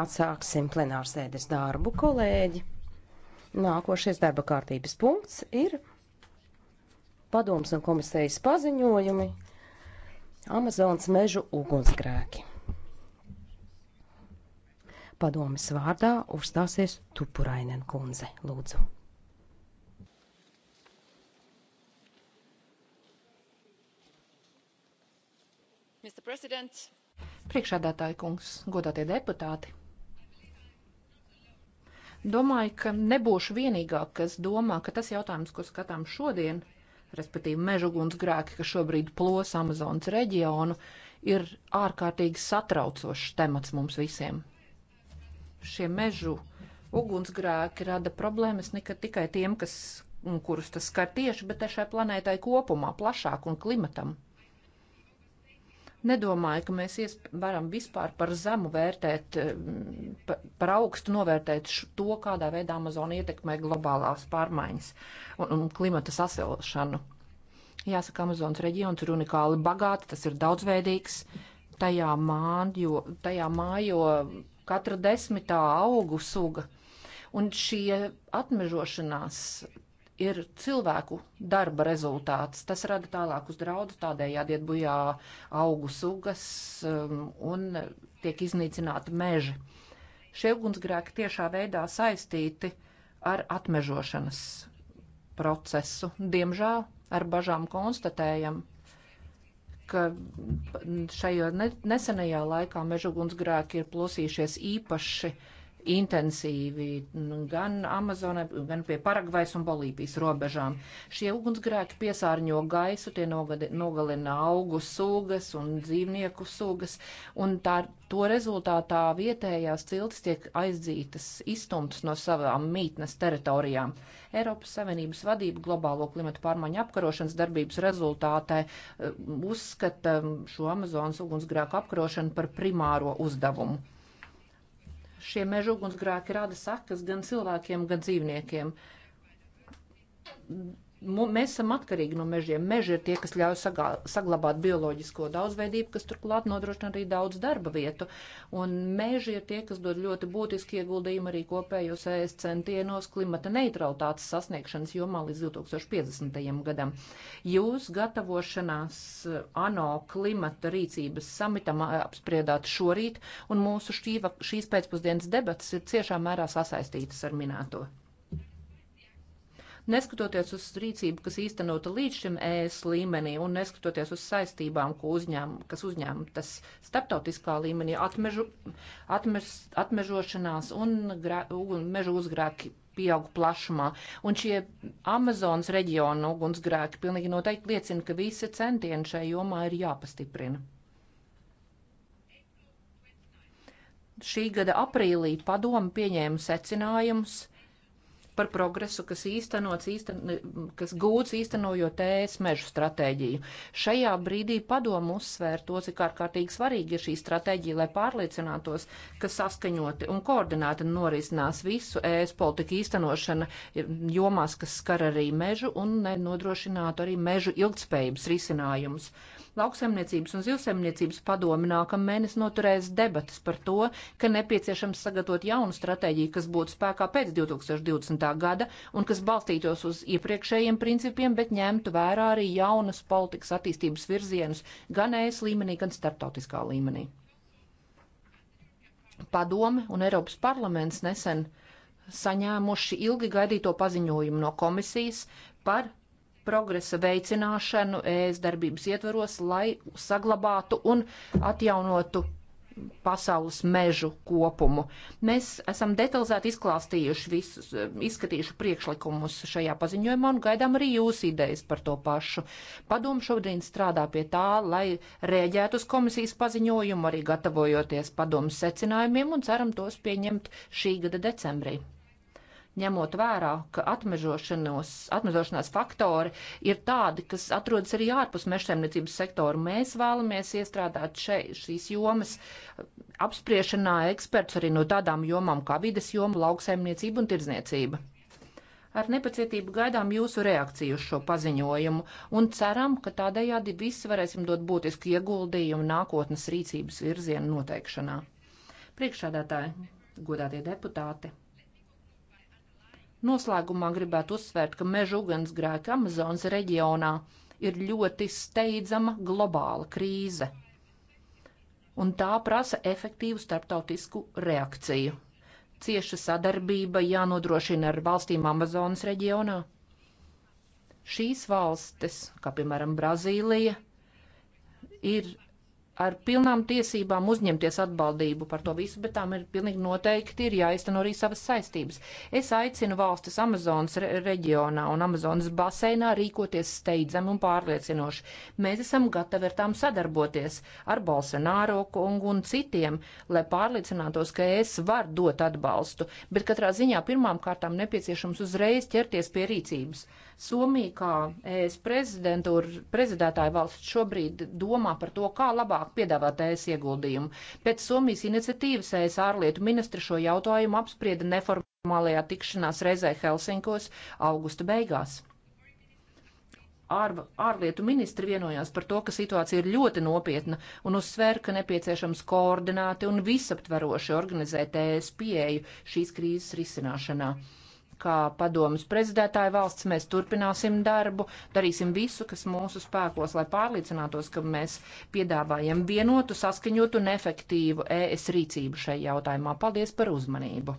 Atsāksim plenārsēdes darbu, kolēģi. Nākošais darba kārtības punkts ir padoms un komisijas paziņojumi Amazonas mežu ugunsgrēki. Padomas vārdā uzstāsies Tupurainen kundze. Lūdzu. mr president Priekšādātāja kungs, godātie deputāti! Domāju, ka nebūšu vienīgā, kas domā, ka tas jautājums, ko skatām šodien, respektīvi mežugunsgrēki, kas šobrīd plos Amazonas reģionu, ir ārkārtīgi satraucošs temats mums visiem. Šie mežu ugunsgrēki rada problēmas ne tikai tiem, kas, kurus tas skar tieši, bet arī šai planētai kopumā, plašāk un klimatam. Nedomāju, ka mēs varam vispār par zemu vērtēt, mm, par augstu novērtēt to, kādā veidā Amazonija ietekmē globālās pārmaiņas un, un klimata sasilšanu. Jāsaka, Amazonas reģions ir unikāli bagāts, tas ir daudzveidīgs, tajā, mājo, tajā mājo katra desmitā augu suga. Un šie atmežošanās ir cilvēku darba rezultāts. Tas rada tālākus draudus, tādējādi iet bojā augu sugas um, un tiek iznīcināti meži. Šie ugunsgrēki tiešā veidā saistīti ar atmežošanas procesu. Diemžēl ar bažām konstatējam, ka šajā nesenajā laikā mežugunsgrēki ir plosījušies īpaši uh, intensīvi nu, gan Amazonai, gan pie Paragvajas un Bolīvijas robežām. Šie ugunsgrēki piesārņo gaisu, tie nogadi, nogalina augu sugas un dzīvnieku sugas, un tā, to rezultātā vietējās ciltis tiek aizdzītas, izstumtas no savām mītnes teritorijām. Eiropas Savienības vadība globālo klimatu pārmaiņu apkarošanas darbības rezultātē eh, uzskata šo Amazonas ugunsgrēku apkarošanu par primāro uzdevumu. Šie meža ugunsgrēki rada sakas gan cilvēkiem, gan dzīvniekiem mēs esam atkarīgi no mežiem. Meži ir tie, kas ļauj sagā, saglabāt bioloģisko daudzveidību, kas turklāt nodrošina arī daudz darba vietu. Un meži ir tie, kas dod ļoti būtiski ieguldījumu arī kopējos ES centienos klimata neutralitātes sasniegšanas jomā līdz 2050. gadam. Jūs gatavošanās ANO klimata rīcības samitam apspriedāt šorīt, un mūsu šī, šīs pēcpusdienas debatas ir ciešā mērā sasaistītas ar minēto. Neskatoties uz rīcību, kas īstenota līdz šim ES līmenī un neskatoties uz saistībām, ko uzņēm, kas uzņēmtas starptautiskā līmenī, atmežu, atmež, atmežošanās un, grā, un mežu uzgrāki pieaug plašumā. Un šie Amazonas reģiona ugunsgrēki pilnīgi noteikti liecina, ka visi centieni šai jomā ir jāpastiprina. Šī gada aprīlī padomu pieņēma secinājumus par progresu, kas īstenots, īsten, kas gūts īstenojot ES mežu stratēģiju. Šajā brīdī padomu uzsvēr to, cik ārkārtīgi svarīgi ir šī stratēģija, lai pārliecinātos, ka saskaņoti un koordināti norisinās visu ES politiku īstenošana jomās, kas skar arī mežu un nodrošinātu arī mežu ilgtspējības risinājumus. Lauksaimniecības un zivsaimniecības padomi nākamēnes noturēs debatas par to, ka nepieciešams sagatavot jaunu stratēģiju, kas būtu spēkā pēc 2020. gada un kas balstītos uz iepriekšējiem principiem, bet ņemtu vērā arī jaunas politikas attīstības virzienus gan ES līmenī, gan starptautiskā līmenī. Padome un Eiropas parlaments nesen saņēmuši ilgi gaidīto paziņojumu no komisijas par progresa veicināšanu ES darbības ietvaros, lai saglabātu un atjaunotu pasaules mežu kopumu. Mēs esam detalizēti izklāstījuši visus, izskatījuši priekšlikumus šajā paziņojumā un gaidām arī jūsu idejas par to pašu. Padomu šodien strādā pie tā, lai rēģētu uz komisijas paziņojumu, arī gatavojoties padomu secinājumiem un ceram tos pieņemt šī gada decembrī ņemot vērā, ka atmežošanās faktori ir tādi, kas atrodas arī ārpus mežsaimniecības sektora. Mēs vēlamies iestrādāt šeit šīs jomas apspriešanā eksperts arī no tādām jomām kā vides joma, lauksaimniecība un tirdzniecība. Ar nepacietību gaidām jūsu reakciju uz šo paziņojumu un ceram, ka tādējādi visi varēsim dot būtisku ieguldījumu nākotnes rīcības virzienu noteikšanā. Priekšādātāji, godātie deputāti! Noslēgumā gribētu uzsvērt, ka meža ugunsgrēka Amazonas reģionā ir ļoti steidzama globāla krīze, un tā prasa efektīvu starptautisku reakciju. Cieša sadarbība jānodrošina ar valstīm Amazonas reģionā. Šīs valstis, kā piemēram Brazīlija, ir ar pilnām tiesībām uzņemties atbaldību par to visu, bet tām ir pilnīgi noteikti ir jāizteno arī savas saistības. Es aicinu valstis Amazonas re reģionā un Amazonas baseinā rīkoties steidzami un pārliecinoši. Mēs esam gatavi ar tām sadarboties ar Bolsonaro kungu un citiem, lai pārliecinātos, ka es varu dot atbalstu, bet katrā ziņā pirmām kārtām nepieciešams uzreiz ķerties pie rīcības. Somija, kā ES prezidētāja valsts, šobrīd domā par to, kā labāk piedāvāt ES ieguldījumu. Pēc Somijas iniciatīvas ES ārlietu ministri šo jautājumu apsprieda neformālajā tikšanās reizē Helsinkos augusta beigās ār, ārlietu ministri vienojās par to, ka situācija ir ļoti nopietna un uzsver, ka nepieciešams koordināti un visaptveroši organizēt ES pieeju šīs krīzes risināšanā kā padomas prezidētāja valsts mēs turpināsim darbu, darīsim visu, kas mūsu spēkos, lai pārliecinātos, ka mēs piedāvājam vienotu, saskaņotu un efektīvu ES rīcību šai jautājumā. Paldies par uzmanību!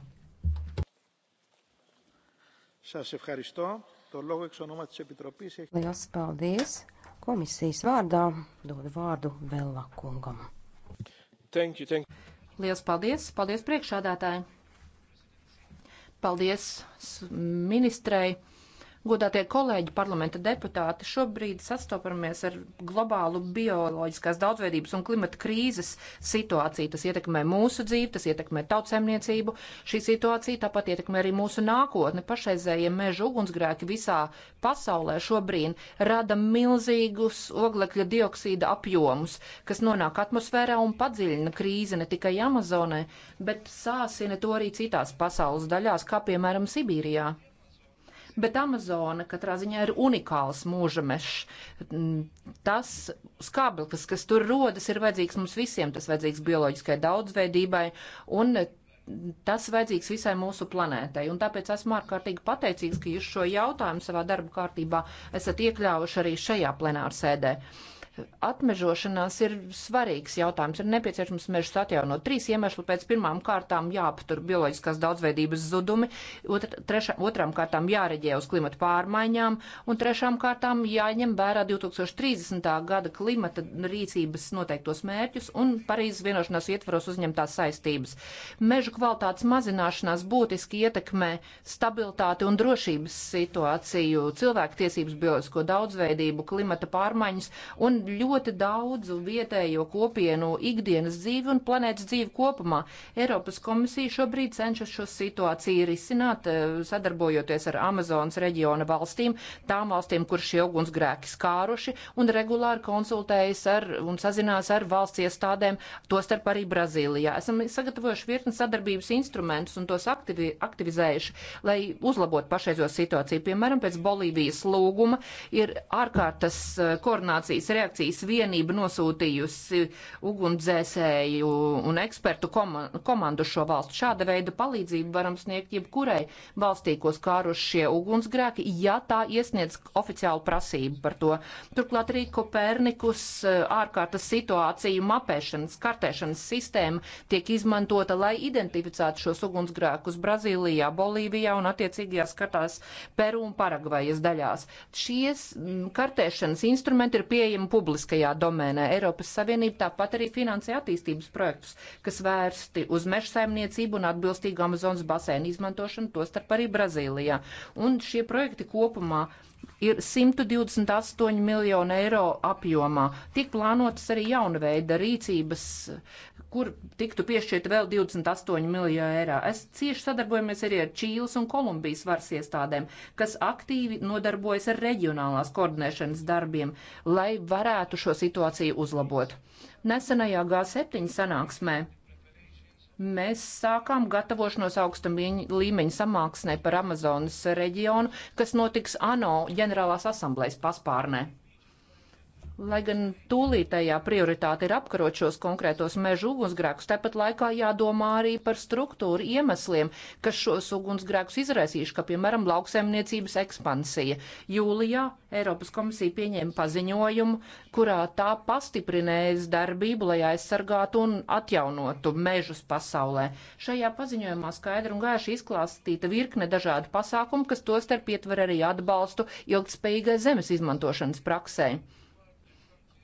Liels paldies! Komisijas vārdā dodu vārdu Vella kungam. Thank you, thank you. Liels paldies! Paldies priekšādātāji! Paldies ministrei! Godātie kolēģi, parlamenta deputāti, šobrīd sastopamies ar globālu bioloģiskās daudzveidības un klimata krīzes situāciju. Tas ietekmē mūsu dzīvi, tas ietekmē tautsēmniecību. Šī situācija tāpat ietekmē arī mūsu nākotni. Pašreizējie meža ugunsgrēki visā pasaulē šobrīd rada milzīgus oglekļa dioksīda apjomus, kas nonāk atmosfērā un padziļina krīzi ne tikai Amazonē, bet sāsina to arī citās pasaules daļās, kā piemēram Sibīrijā. Bet Amazona katrā ziņā ir unikāls mūža mežs. Mm, tas skābeklis, kas tur rodas, ir vajadzīgs mums visiem. Tas vajadzīgs bioloģiskai daudzveidībai un tas vajadzīgs visai mūsu planētai. Un tāpēc esmu ārkārtīgi pateicīgs, ka jūs šo jautājumu savā darba kārtībā esat iekļāvuši arī šajā plenārsēdē. Ar Atmežošanās ir svarīgs jautājums. Ir nepieciešams mežus atjaunot. Trīs iemesli pēc pirmām kārtām jāaptur bioloģiskās daudzveidības zudumi, otra, treša, otrām kārtām jāreģē uz klimata pārmaiņām, un trešām kārtām jāņem vērā 2030. gada klimata rīcības noteiktos mērķus un Parīzes vienošanās ietvaros uzņemtās saistības. Mežu kvalitātes mazināšanās būtiski ietekmē stabilitāti un drošības situāciju, cilvēku tiesības, bioloģisko daudzveidību, klimata pārmaiņas un ļoti daudzu vietējo kopienu ikdienas dzīvi un planētas dzīvi kopumā. Eiropas komisija šobrīd cenšas šo situāciju risināt, eh, sadarbojoties ar Amazonas reģiona valstīm, tām valstīm, kur šie ugunsgrēki skāruši, un regulāri konsultējas ar un sazinās ar valsts iestādēm, tostarp arī Brazīlijā. Esam sagatavojuši virkni sadarbības instrumentus un tos aktivi, aktivizējuši, lai uzlabotu pašreizo situāciju. Piemēram, pēc Bolīvijas lūguma ir ārkārtas eh, koordinācijas reakcija reakcijas vienība nosūtījusi ugunsdzēsēju un ekspertu komandu šo valstu. Šāda veida palīdzību varam sniegt jebkurai valstī, ko skārušie ugunsgrēki, ja tā iesniedz oficiālu prasību par to. Turklāt arī Kopernikus eh, ārkārtas situāciju mapēšanas, kartēšanas sistēma tiek izmantota, lai identificētu šos ugunsgrēkus Brazīlijā, Bolīvijā un attiecīgajās kartās Peru un Paragvajas daļās. Šies mm, kartēšanas instrumenti ir pieejami publiski publiskajā domēnē. Eiropas Savienība tāpat arī finansē attīstības projektus, kas vērsti uz meža saimniecību un atbilstīgu Amazonas basēnu izmantošanu, tostarp arī Brazīlijā. Un šie projekti kopumā ir 128 miljonu eiro apjomā. Tik plānotas arī jauna veida rīcības, kur tiktu piešķirta vēl 28 miljonu eiro. Es cieši sadarbojamies arī ar Čīles un Kolumbijas varas iestādēm, kas aktīvi nodarbojas ar reģionālās koordinēšanas darbiem, lai varētu varētu šo situāciju uzlabot. Nesenajā G7 sanāksmē mēs sākām gatavošanos augstam līmeņa samāksnē par Amazonas reģionu, kas notiks ANO ģenerālās asamblējas paspārnē. Lai gan tūlītējā prioritāte ir apkarot šos konkrētos mežu ugunsgrēkus, tāpat laikā jādomā arī par struktūru iemesliem, kas šos ugunsgrēkus izraisījuši, kā piemēram lauksaimniecības ekspansija. Jūlijā Eiropas komisija pieņēma paziņojumu, kurā tā pastiprinējas darbību, lai aizsargātu un atjaunotu mežus pasaulē. Šajā paziņojumā skaidri un gaiši izklāstīta virkne dažādu pasākumu, kas tostarp ietver arī atbalstu ilgspējīgai zemes izmantošanas praksē.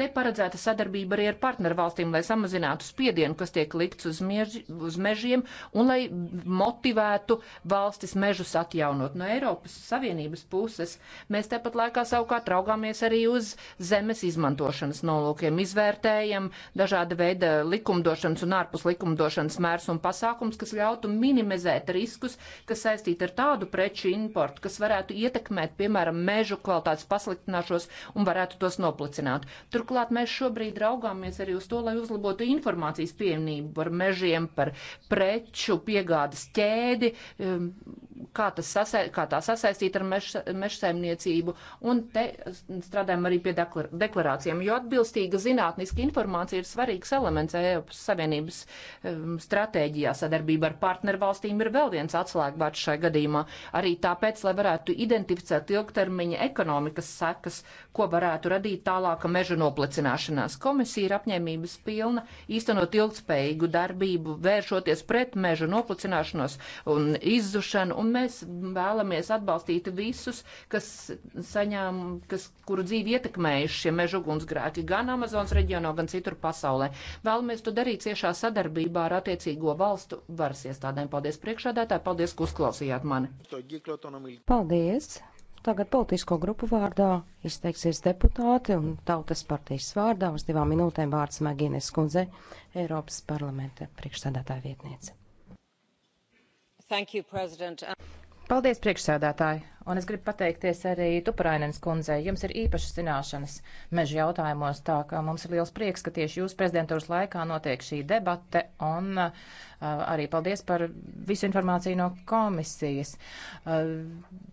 Te paredzēta sadarbība arī ar partnervalstīm, lai samazinātu spiedienu, kas tiek likts uz, mieži, uz mežiem un lai motivētu valstis mežus atjaunot. No Eiropas Savienības puses mēs tepat laikā savukārt raugāmies arī uz zemes izmantošanas nolūkiem, izvērtējam dažāda veida likumdošanas un ārpus likumdošanas mērs un pasākums, kas ļautu minimizēt riskus, kas saistīti ar tādu preču importu, kas varētu ietekmēt, piemēram, mežu kvalitātes pasliktināšos un varētu tos noplicināt. Turklāt Turklāt mēs šobrīd raugāmies arī uz to, lai uzlabotu informācijas pieejamību par mežiem, par preču piegādes ķēdi. Um, kā, sasai, kā tā sasaistīt ar meš, mežsaimniecību, un te strādājam arī pie deklar, deklarācijām, jo atbilstīga zinātniska informācija ir svarīgs elements Eiropas Savienības um, stratēģijā. Sadarbība ar partnervalstīm ir vēl viens atslēgvārds šai gadījumā, arī tāpēc, lai varētu identificēt ilgtermiņa ekonomikas sekas, ko varētu radīt tālāka meža noplicināšanās. Komisija ir apņēmības pilna īstenot ilgspējīgu darbību, vēršoties pret meža noplicināšanos un izzušanu un un mēs vēlamies atbalstīt visus, kas saņēm, kas, kuru dzīvi ietekmējuši šie mežu ugunsgrēki gan Amazonas reģionā, gan citur pasaulē. Vēlamies to darīt ciešā sadarbībā ar attiecīgo valstu varas iestādēm. Paldies priekšādātāji, paldies, ka uzklausījāt mani. Paldies! Tagad politisko grupu vārdā izteiksies deputāti un tautas partijas vārdā uz divām minūtēm vārds Magīnes Skundze, Eiropas parlamenta priekšsēdētāja vietniece. You, um, Paldies, priekšsēdētāji! Un es gribu pateikties arī Tuparainens kundzei. Jums ir īpašas zināšanas meža jautājumos, tā ka mums ir liels prieks, ka tieši jūsu prezidentūras laikā notiek šī debate un uh, arī paldies par visu informāciju no komisijas. Uh,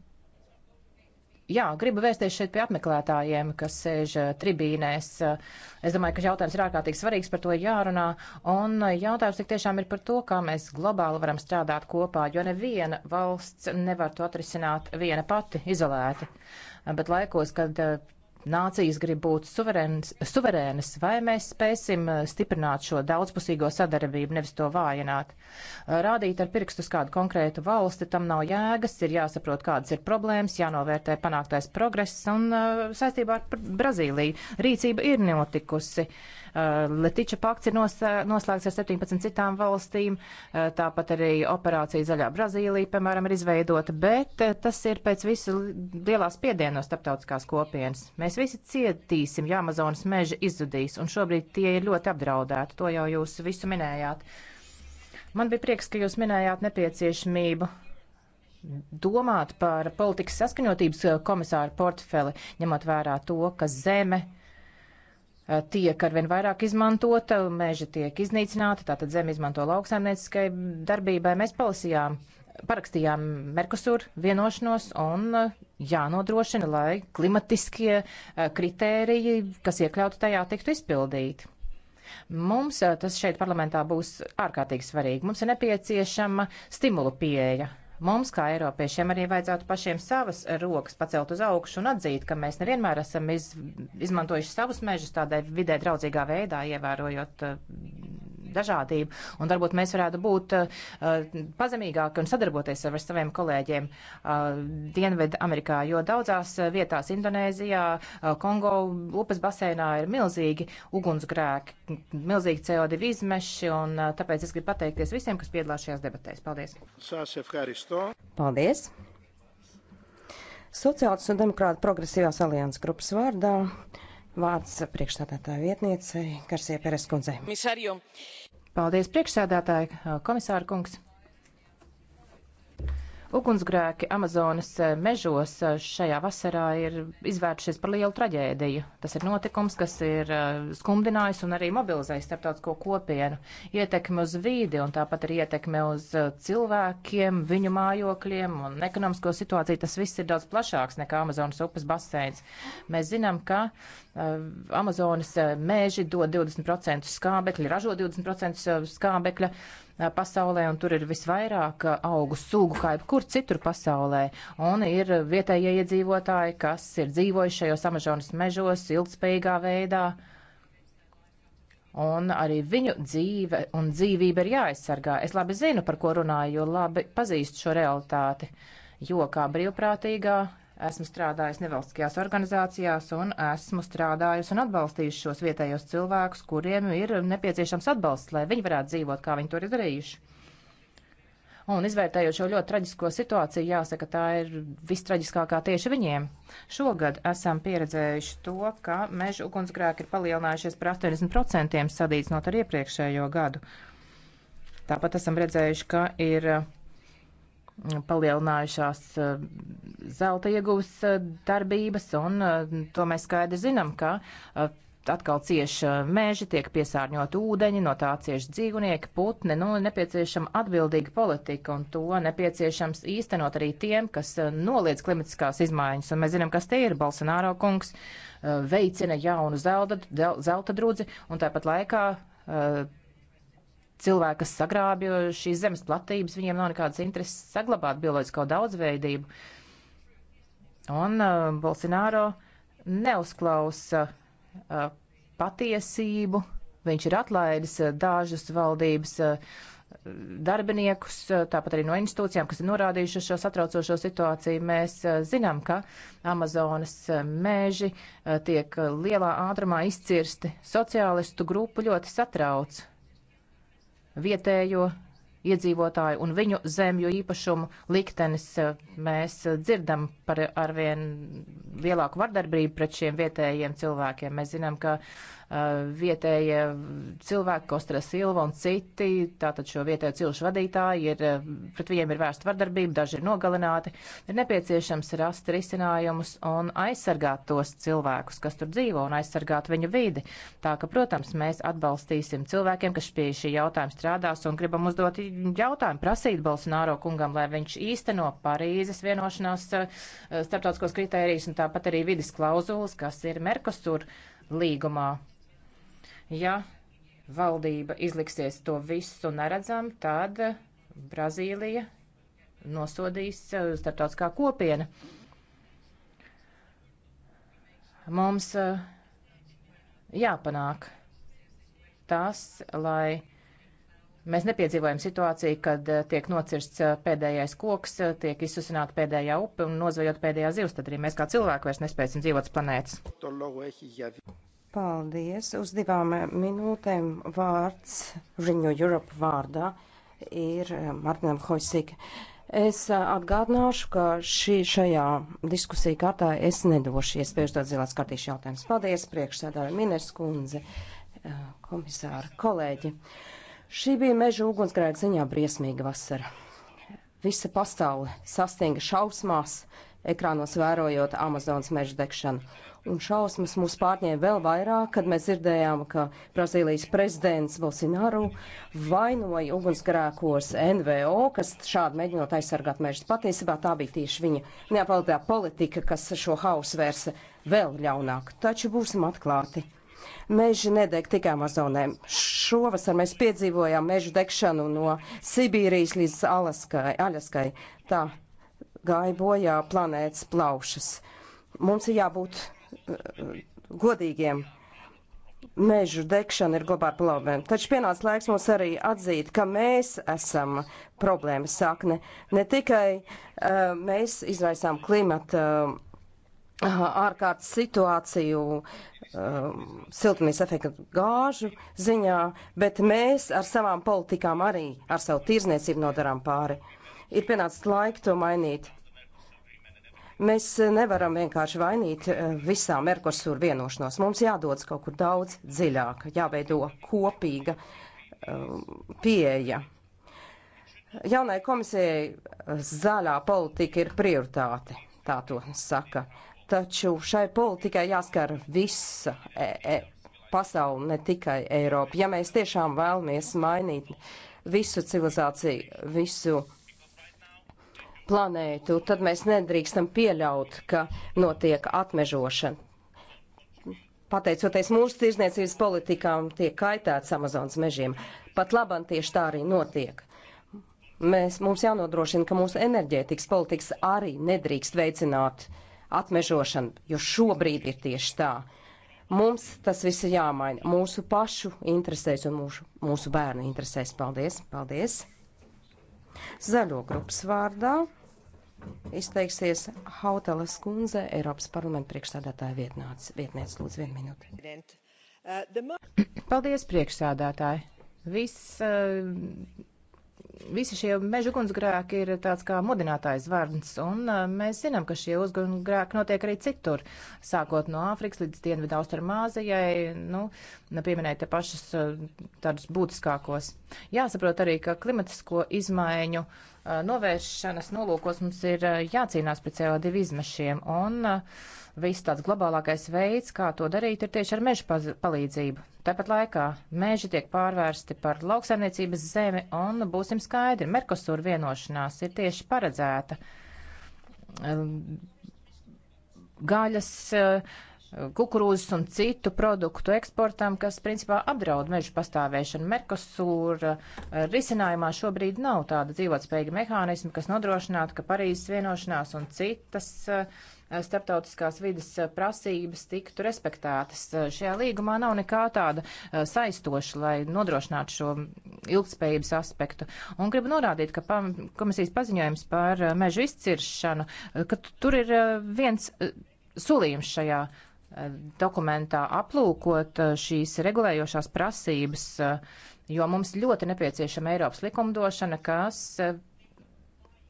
Jā, gribu vērsties šeit pie apmeklētājiem, kas sēž eh, tribīnēs. Eh, es domāju, ka jautājums ir ārkārtīgi svarīgs, par to ir jārunā. Un eh, jautājums tik tiešām ir par to, kā mēs globāli varam strādāt kopā, jo neviena valsts nevar to atrisināt viena pati, izolēti. Bet laikos, kad nācijas grib būt suverēnas, suverēnas, vai mēs spēsim eh, stiprināt šo daudzpusīgo sadarbību, nevis to vājināt. Eh, rādīt ar pirkstu uz kādu konkrētu valsti, tam nav jēgas, ir jāsaprot, kādas ir problēmas, jānovērtē panāktais progress, un eh, saistībā ar Brazīliju rīcība ir notikusi. Uh, Um, Letiča pakts ir noslēgts ar 17 citām valstīm, uh, tāpat arī operācija Zaļā Brazīlija, piemēram, ir izveidota, bet uh, tas ir pēc visu lielā spiediena no starptautiskās kopienas. Mēs visi cietīsim, ja Amazonas meži izzudīs, un šobrīd tie ir ļoti apdraudēti, to jau jūs visu minējāt. Man bija prieks, ka jūs minējāt nepieciešamību domāt par politikas saskaņotības uh, komisāru portfeli, ņemot vērā to, ka zeme Eh, tiek arvien vairāk izmantota, meži tiek iznīcināti, tātad zemi izmanto lauksaimnieciskai darbībai. Mēs palasījām, parakstījām Merkusur vienošanos un eh, jānodrošina, lai klimatiskie eh, kritēriji, kas iekļauti tajā, tiktu izpildīti. Mums tas šeit parlamentā būs ārkārtīgi svarīgi. Mums ir nepieciešama stimulu pieeja Mums, kā Eiropiešiem, arī vajadzētu pašiem savas rokas pacelt uz augšu un atzīt, ka mēs nevienmēr esam iz, izmantojuši savus mežus tādai vidē draudzīgā veidā, ievērojot eh, dažādību. Un varbūt mēs varētu būt eh, pazemīgāki un sadarboties ar saviem kolēģiem eh, Dienvedu Amerikā, jo daudzās eh, vietās Indonēzijā, Kongo upes basēnā ir milzīgi ugunsgrēki, milzīgi CO2 izmeši, un tāpēc es gribu pateikties visiem, kas piedalās šajās debatēs. Paldies! Paldies! Sociālas un demokrāta progresīvās alianses grupas vārdā Vārds priekšstādātāja vietniecei Karsija Pereskundze. Paldies priekšsēdētāji, komisāra kungs. Ugunsgrēki Amazonas eh, mežos eh, šajā vasarā ir izvērtušies par lielu traģēdiju. Tas ir notikums, kas ir eh, skumdinājis un arī mobilizējis starptautisko kopienu. Ietekme uz vīdi un tāpat arī ietekme uz cilvēkiem, viņu mājokļiem un ekonomisko situāciju. Tas viss ir daudz plašāks nekā Amazonas upes baseins. Mēs zinām, ka Amazonas mēži dod 20% skābekļa, ražo 20% skābekļa pasaulē, un tur ir visvairāk augu sugu kā jebkur citur pasaulē. Un ir vietējie iedzīvotāji, kas ir dzīvojuši šajos Amazonas mežos ilgspējīgā veidā. Un arī viņu dzīve un dzīvība ir jāaizsargā. Es labi zinu, par ko runāju, jo labi pazīstu šo realitāti. Jo kā brīvprātīgā Esmu strādājusi nevalstiskajās organizācijās un esmu strādājusi un atbalstījusi šos vietējos cilvēkus, kuriem ir nepieciešams atbalsts, lai viņi varētu dzīvot, kā viņi to ir darījuši. Un izvērtējot šo ļoti traģisko situāciju, jāsaka, tā ir vistraģiskākā tieši viņiem. Šogad esam pieredzējuši to, ka meža ugunsgrēki ir palielinājušies par 80% sadīdzinot ar iepriekšējo gadu. Tāpat esam redzējuši, ka ir uh, palielinājušās eh, zelta ieguvas eh, darbības, un eh, to mēs skaidri zinām, ka atkal cieši meži, tiek piesārņot ūdeņi, no tā cieši dzīvnieki, putni, nu, nepieciešama atbildīga politika, un to nepieciešams īstenot arī tiem, kas noliedz klimatiskās izmaiņas, un mēs zinām, kas tie ir, Bolsonaro kungs veicina jaunu zelta, zelta drudzi, un tāpat laikā cilvēki, kas sagrābja šīs zemes platības, viņiem nav nekādas intereses saglabāt bioloģisko daudzveidību. Un uh, Bolsonaro neuzklausa uh, patiesību, viņš ir atlaidis uh, dažus valdības uh, darbiniekus, uh, tāpat arī no institūcijām, kas ir norādījuši šo satraucošo situāciju. Mēs uh, zinām, ka Amazonas uh, meži uh, tiek uh, lielā ātrumā izcirsti. Sociālistu grupu ļoti satrauc vietējo iedzīvotāju un viņu zemju īpašumu liktenis. Eh, mēs dzirdam par arvien lielāku vardarbību pret šiem vietējiem cilvēkiem. Mēs zinām, ka vietējie cilvēki, Kostra Silva un citi, tātad šo vietējo cilšu vadītāji, ir, pret viņiem ir vērsta vardarbība, daži ir nogalināti. Ir nepieciešams rast risinājumus un aizsargāt tos cilvēkus, kas tur dzīvo, un aizsargāt viņu vidi. Tā ka, protams, mēs atbalstīsim cilvēkiem, kas pie šī jautājuma strādās un gribam uzdot jautājumu, prasīt Bolsonaro kungam, lai viņš īsteno Parīzes vienošanās starptautiskos kritērijus un tāpat arī vidas klauzulas, kas ir Merkosur līgumā. Ja valdība izliksies to visu neredzam, tad Brazīlija nosodīs uh, starptautiskā kopiena. Mums uh, jāpanāk tas, lai mēs nepiedzīvojam situāciju, kad uh, tiek nocirsts pēdējais koks, tiek izsusināta pēdējā upe un nozvejot pēdējā zivs, tad arī mēs kā cilvēki vairs nespēsim dzīvot uz planētas. Paldies. Uz divām minūtēm vārds Riņo Europe vārdā ir eh, Martinam Hoisika. Es eh, atgādināšu, ka šī, šajā diskusija kārtā es nedošu iespēju uzdot zilās kartīšu jautājumus. Paldies, priekšsēdāja Mines kundze, eh, komisāra, kolēģi. Šī bija meža ugunsgrēka ziņā briesmīga vasara. Visa pasaule sastinga šausmās, ekrānos vērojot Amazonas meža degšanu Un šausmas mūs pārņēma vēl vairāk, kad mēs dzirdējām, ka Brazīlijas prezidents Bolsināru vainoja ugunsgrēkos NVO, kas šādi mēģinot aizsargāt mežus. Patiesībā tā bija tieši viņa neapvaldītā politika, kas šo hausu vērsa vēl ļaunāk. Taču būsim atklāti. Meži nedeg tikai Amazonē. Šovasar mēs piedzīvojām mežu degšanu no Sibīrijas līdz Alaskai. Aļaskai. Tā gāja bojā planētas plaušas. Mums ir jābūt godīgiem. Mežu degšana ir globāla problēma, taču pienāca laiks mums arī atzīt, ka mēs esam problēmas sakne. Ne tikai uh, mēs izraisām klimata uh, ārkārtas situāciju uh, siltumnīca efekta gāžu ziņā, bet mēs ar savām politikām arī, ar savu tirzniecību nodarām pāri. Ir pienācis laiks to mainīt Mēs nevaram vienkārši vainīt eh, visā Merkosur vienošanos. Mums jādodas kaut kur daudz dziļāk, jāveido kopīga eh, pieeja. Jaunai komisijai eh, zaļā politika ir prioritāte, tā to saka. Taču šai politikai jāskar visa e e pasauli, ne tikai Eiropa. Ja mēs tiešām vēlamies mainīt visu civilizāciju, visu planētu, tad mēs nedrīkstam pieļaut, ka notiek atmežošana. Pateicoties mūsu tirzniecības politikām, tiek kaitēts Amazonas mežiem. Pat labam tieši tā arī notiek. Mēs, mums jānodrošina, ka mūsu enerģētikas politikas arī nedrīkst veicināt atmežošanu, jo šobrīd ir tieši tā. Mums tas viss ir jāmaina mūsu pašu interesēs un mūsu, mūsu bērnu interesēs. Paldies! paldies. Zaļo grupas vārdā izteiksies Hautelas kundze, Eiropas parlamenta priekšstādātāja vietnāca. Vietniec, lūdzu, vienu minūti. Uh, Paldies, priekšstādātāji! Viss. Uh, visi šie meža ugunsgrēki ir tāds kā modinātājs vārds, un uh, mēs zinām, ka šie ugunsgrēki notiek arī citur, sākot no Āfrikas līdz Dienvidu Austrumāzijai, nu, nu pieminēja te pašas uh, tādus būtiskākos. Jāsaprot arī, ka klimatisko izmaiņu uh, novēršanas nolūkos mums ir jācīnās pret CO2 izmešiem, un uh, Viss tāds globālākais veids, kā to darīt, ir tieši ar meža palīdzību. Tāpat laikā meži tiek pārvērsti par lauksaimniecības zemi, un būsim skaidri, Merkosur vienošanās ir tieši paredzēta gaļas, e, kukurūzas un citu produktu eksportam, kas principā apdraud mežu pastāvēšanu. Merkosur e, risinājumā šobrīd nav tāda dzīvotspējīga mehānisma, kas nodrošinātu, ka Parīzes vienošanās un citas uh, Eh, starptautiskās vidas eh, prasības tiktu respektētas. Eh, šajā līgumā nav nekā tāda saistoša, lai nodrošinātu šo ilgspējības aspektu. Un gribu norādīt, ka komisijas paziņojums par mežu izciršanu, ka tur ir viens solījums šajā dokumentā aplūkot šīs regulējošās prasības, jo mums ļoti nepieciešama Eiropas likumdošana, kas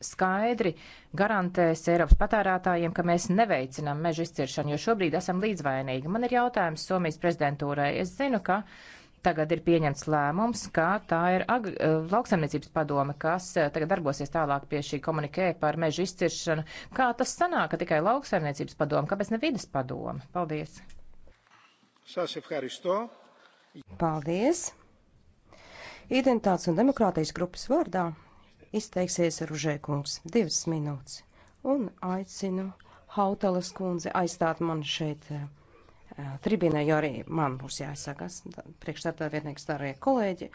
skaidri garantēs Eiropas patērētājiem, ka mēs neveicinām meža izciršanu, jo šobrīd esam līdzvainīgi. Man ir jautājums Somijas prezidentūrai. Es zinu, ka tagad ir pieņemts lēmums, ka tā ir eh, lauksaimniecības padome, kas eh, tagad darbosies tālāk pie šī komunikē par meža izciršanu. Kā tas sanāk, ka tikai lauksaimniecības padome, kāpēc ne vidas padome? Paldies! Paldies! Identitātes un demokrātijas grupas vārdā Izteiksies Ružēkungs divas minūtes un aicinu Hautalas kundzi aizstāt man šeit eh, eh, tribīnē, jo arī man būs jāizsakas. Priekšstādā vietnieks starie kolēģi,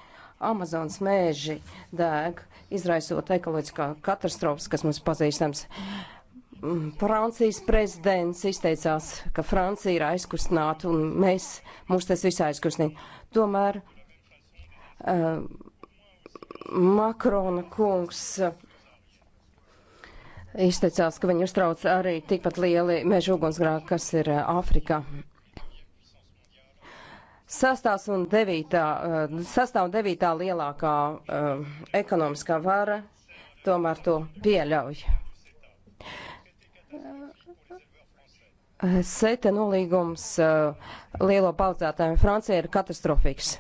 Amazonas mēži dēg, izraisot ekoloģiskā katastrofas, kas mums pazīstams. Mm, Francijas prezidents izteicās, ka Francija ir aizkustināta un mēs, mūs tas viss aizkustina. Tomēr uh, Makrona kungs eh, izteicās, ka viņu uztrauc arī tikpat lieli meža ugunsgrāki, kas ir eh, Āfrikā. Sastāvs un devītā, eh, sastāv devītā lielākā uh, ekonomiskā vara, tomēr to pieļauj. Seta nolīgums uh, lielo paudzētājiem Francija ir katastrofīgs.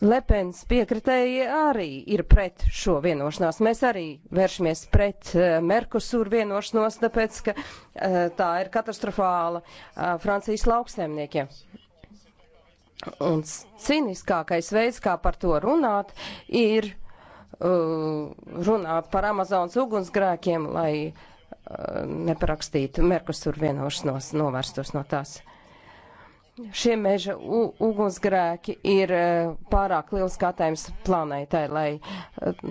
Lepens piekritēji arī ir pret šo vienošanās. Mēs arī vēršamies pret uh, eh, Merkusūru vienošanos, tāpēc, ka uh, tā ir katastrofāla uh, Francijas lauksaimniekiem. Un ciniskākais veids, kā par to runāt, ir uh, runāt par Amazonas ugunsgrēkiem, lai uh, neparakstītu Merkusūru vienošanos, novērstos no tās. Uh, šie meža ugunsgrēki ir e, pārāk liels skatājums planētai, lai e,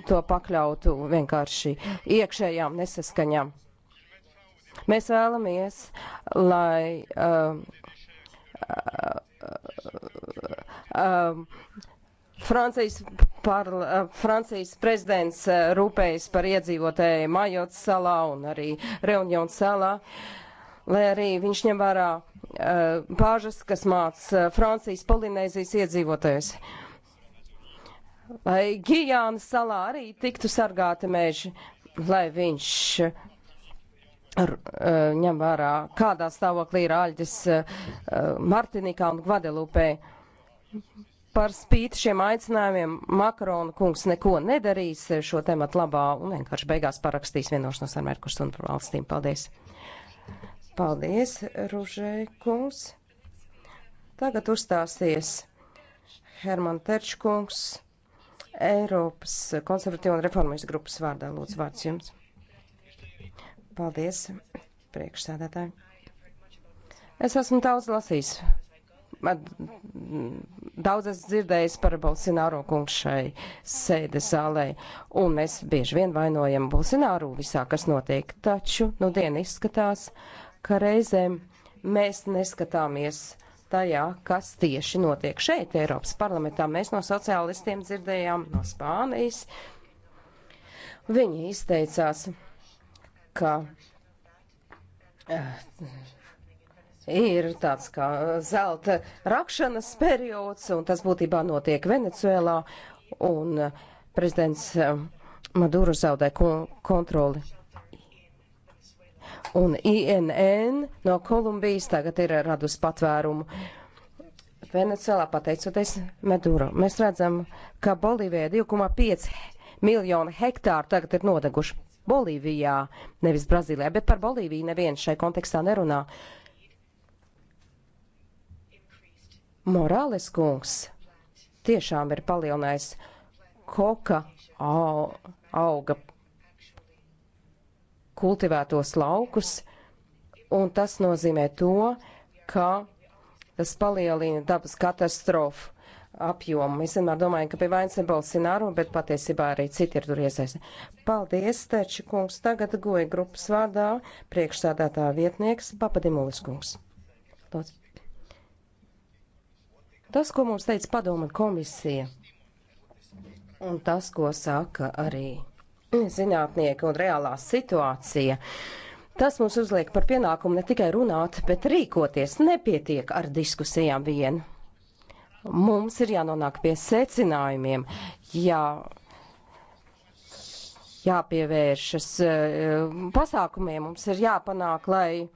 to pakļautu vienkārši iekšējām nesaskaņām. Mēs vēlamies, lai uh, uh, uh, Francijas, par, e, Francijas prezidents rūpējas par iedzīvotēju Majot salā un arī Reunion salā. Uh, lai arī viņš ņem vērā uh, bāžas, kas māc uh, Francijas Polinēzijas iedzīvotājus. Lai Gijāna salā arī tiktu sargāti meži, lai viņš uh, ņem vērā, kādā stāvoklī ir aļģis Martinikā un Gvadelupē. Par spīti šiem aicinājumiem Makrona kungs neko nedarīs šo tematu labā un vienkārši beigās parakstīs vienošanos ar Merkursu un valstīm. Paldies! Paldies, Ružē kungs. Tagad uzstāsies Herman Terčkungs, Eiropas konservatīva un reformistu grupas vārdā. Lūdzu, vārds jums. Paldies, priekšsēdētāji. Es esmu daudz lasījis daudz esmu dzirdējis par Bolsināro kungu šai sēde zālē, un mēs bieži vien vainojam Bolsināru visā, kas notiek, taču, nu, diena izskatās, uh, ka reizēm mēs neskatāmies tajā, kas tieši notiek šeit, Eiropas parlamentā. Mēs no sociālistiem dzirdējām no Spānijas. Viņi izteicās, ka eh, ir tāds kā zelta rakšanas periods, un tas būtībā notiek Venecuēlā, un eh, prezidents eh, Maduro zaudē kontroli Un INN no Kolumbijas tagad ir radus patvērumu. Venecijā pateicoties Maduro. Mēs redzam, ka Bolīvijā 2,5 miljonu hektāru tagad ir nodeguši. Bolīvijā, nevis Brazīlijā, bet par Bolīviju neviens šai kontekstā nerunā. Morāles kungs tiešām ir palielinājis koka auga kultivētos laukus, un tas nozīmē to, ka tas palielina dabas katastrofu apjomu. Es vienmēr domāju, ka pie vainas ir Bolsināru, bet patiesībā arī citi ir tur iesaistīti. Paldies, Teči kungs, tagad goja grupas vārdā priekšsādātā vietnieks Papadimulis kungs. Lūdzu. Tas, ko mums teica padoma komisija, un tas, ko saka arī zinātnieki un reālā situācija. Tas mums uzliek par pienākumu ne tikai runāt, bet rīkoties. Nepietiek ar diskusijām vien. Mums ir jānonāk pie secinājumiem, jā, jāpievēršas eh, pasākumiem, mums ir jāpanāk, lai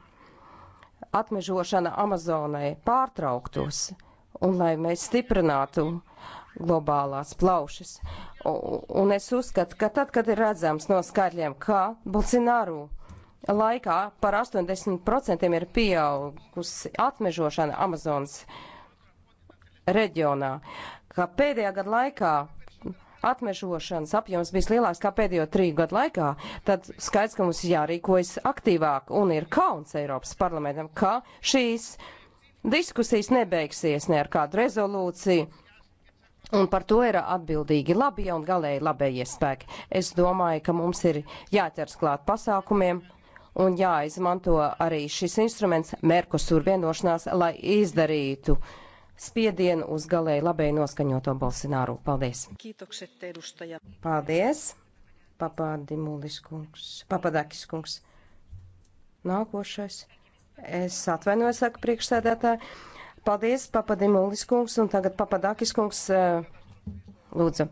atmežošana Amazonai pārtrauktos un lai mēs stiprinātu globālās plaušas. Un es uzskatu, ka tad, kad ir redzams no skaitļiem, ka Bolsināru laikā par 80% ir pieaugusi atmežošana Amazonas reģionā, ka pēdējā gada laikā atmežošanas apjoms bijis lielāks kā pēdējo trīs gadu laikā, tad skaidrs, ka mums jārīkojas aktīvāk un ir kauns Eiropas parlamentam, ka šīs diskusijas nebeigsies ne ar kādu rezolūciju Un par to ir atbildīgi labie un galēji labējie spēki. Es domāju, ka mums ir jāķers klāt pasākumiem un jāizmanto arī šis instruments Merkosur vienošanās, lai izdarītu spiedienu uz galēji labēji noskaņoto Bolsināru. Paldies! Paldies! Papādimulis kungs, papadakis kungs. Nākošais. Es atvainojos, saka priekšsēdētāji. Paldies, Papadimulis kungs, un tagad Papadakis kungs, eh, lūdzu.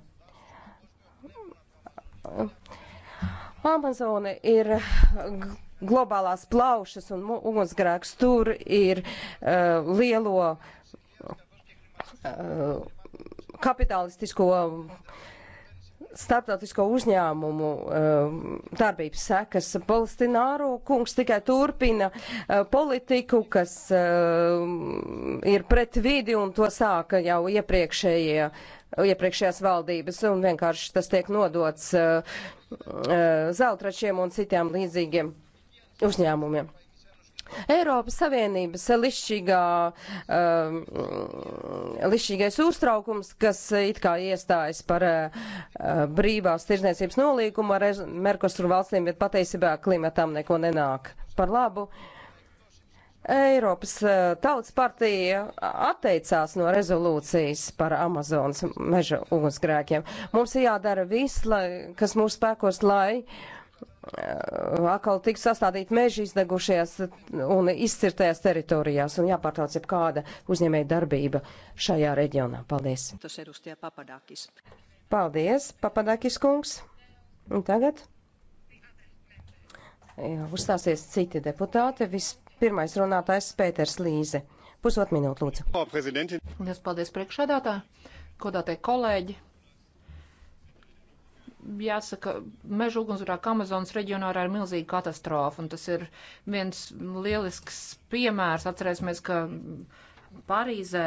Amazone ir globālās plaušas un ugunsgrēks. Tur ir uh, lielo uh, kapitalistisko uh, starptautisko uzņēmumu eh, darbības sekas. Palestināru kungs tikai turpina eh, politiku, kas eh, ir pret vidi un to sāka jau iepriekšējie, iepriekšējās valdības un vienkārši tas tiek nodots zeltračiem un citiem līdzīgiem uzņēmumiem. Eiropas Savienības lišķīgā, um, lišķīgais uztraukums, kas it kā iestājas par uh, uh brīvās tirzniecības nolīgumu ar Merkosuru valstīm, bet patiesībā klimatam neko nenāk par labu. Eiropas uh, Tautas partija atteicās no rezolūcijas par Amazonas meža ugunsgrēkiem. Mums ir jādara viss, lai, kas mūsu spēkos, lai uh, Eh, atkal tiks sastādīt meži izdegušajās un izcirtajās teritorijās un jāpārtrauc jau kāda uzņēmēja darbība šajā reģionā. Paldies! Tas ir uz tie papadākis. Paldies, papadākis kungs! Un tagad Jā, uzstāsies citi deputāti. Vispirmais runātājs Pēters Līze. Pusot minūte, lūdzu. Paldies, paldies priekšādātā, godātie kolēģi, jāsaka, meža ugunsgrēka Amazonas reģionā ir milzīga katastrofa, un tas ir viens lielisks piemērs. Atcerēsimies, ka Parīzē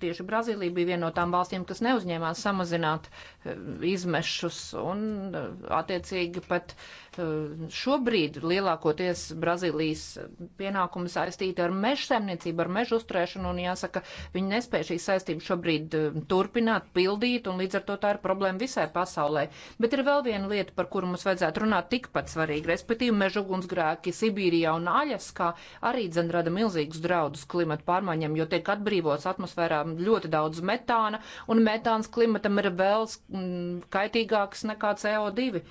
tieši Brazīlija bija viena no tām valstīm, kas neuzņēmās samazināt eh, izmešus, un eh, attiecīgi pat Eh, šobrīd lielākoties Brazīlijas eh, pienākumi saistīti ar meža saimniecību, ar meža uzturēšanu, un jāsaka, viņi nespēja šīs saistības šobrīd eh, turpināt, pildīt, un līdz ar to tā ir problēma visai pasaulē. Bet ir vēl viena lieta, par kuru mums vajadzētu runāt tikpat svarīgi, respektīvi meža ugunsgrēki Sibīrijā un Aļaskā arī dzen rada milzīgus draudus klimata pārmaiņam, jo tiek atbrīvots atmosfērā ļoti daudz metāna, un metāns klimatam ir vēl kaitīgāks nekā CO2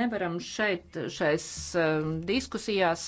nevaram šeit, šais um, diskusijās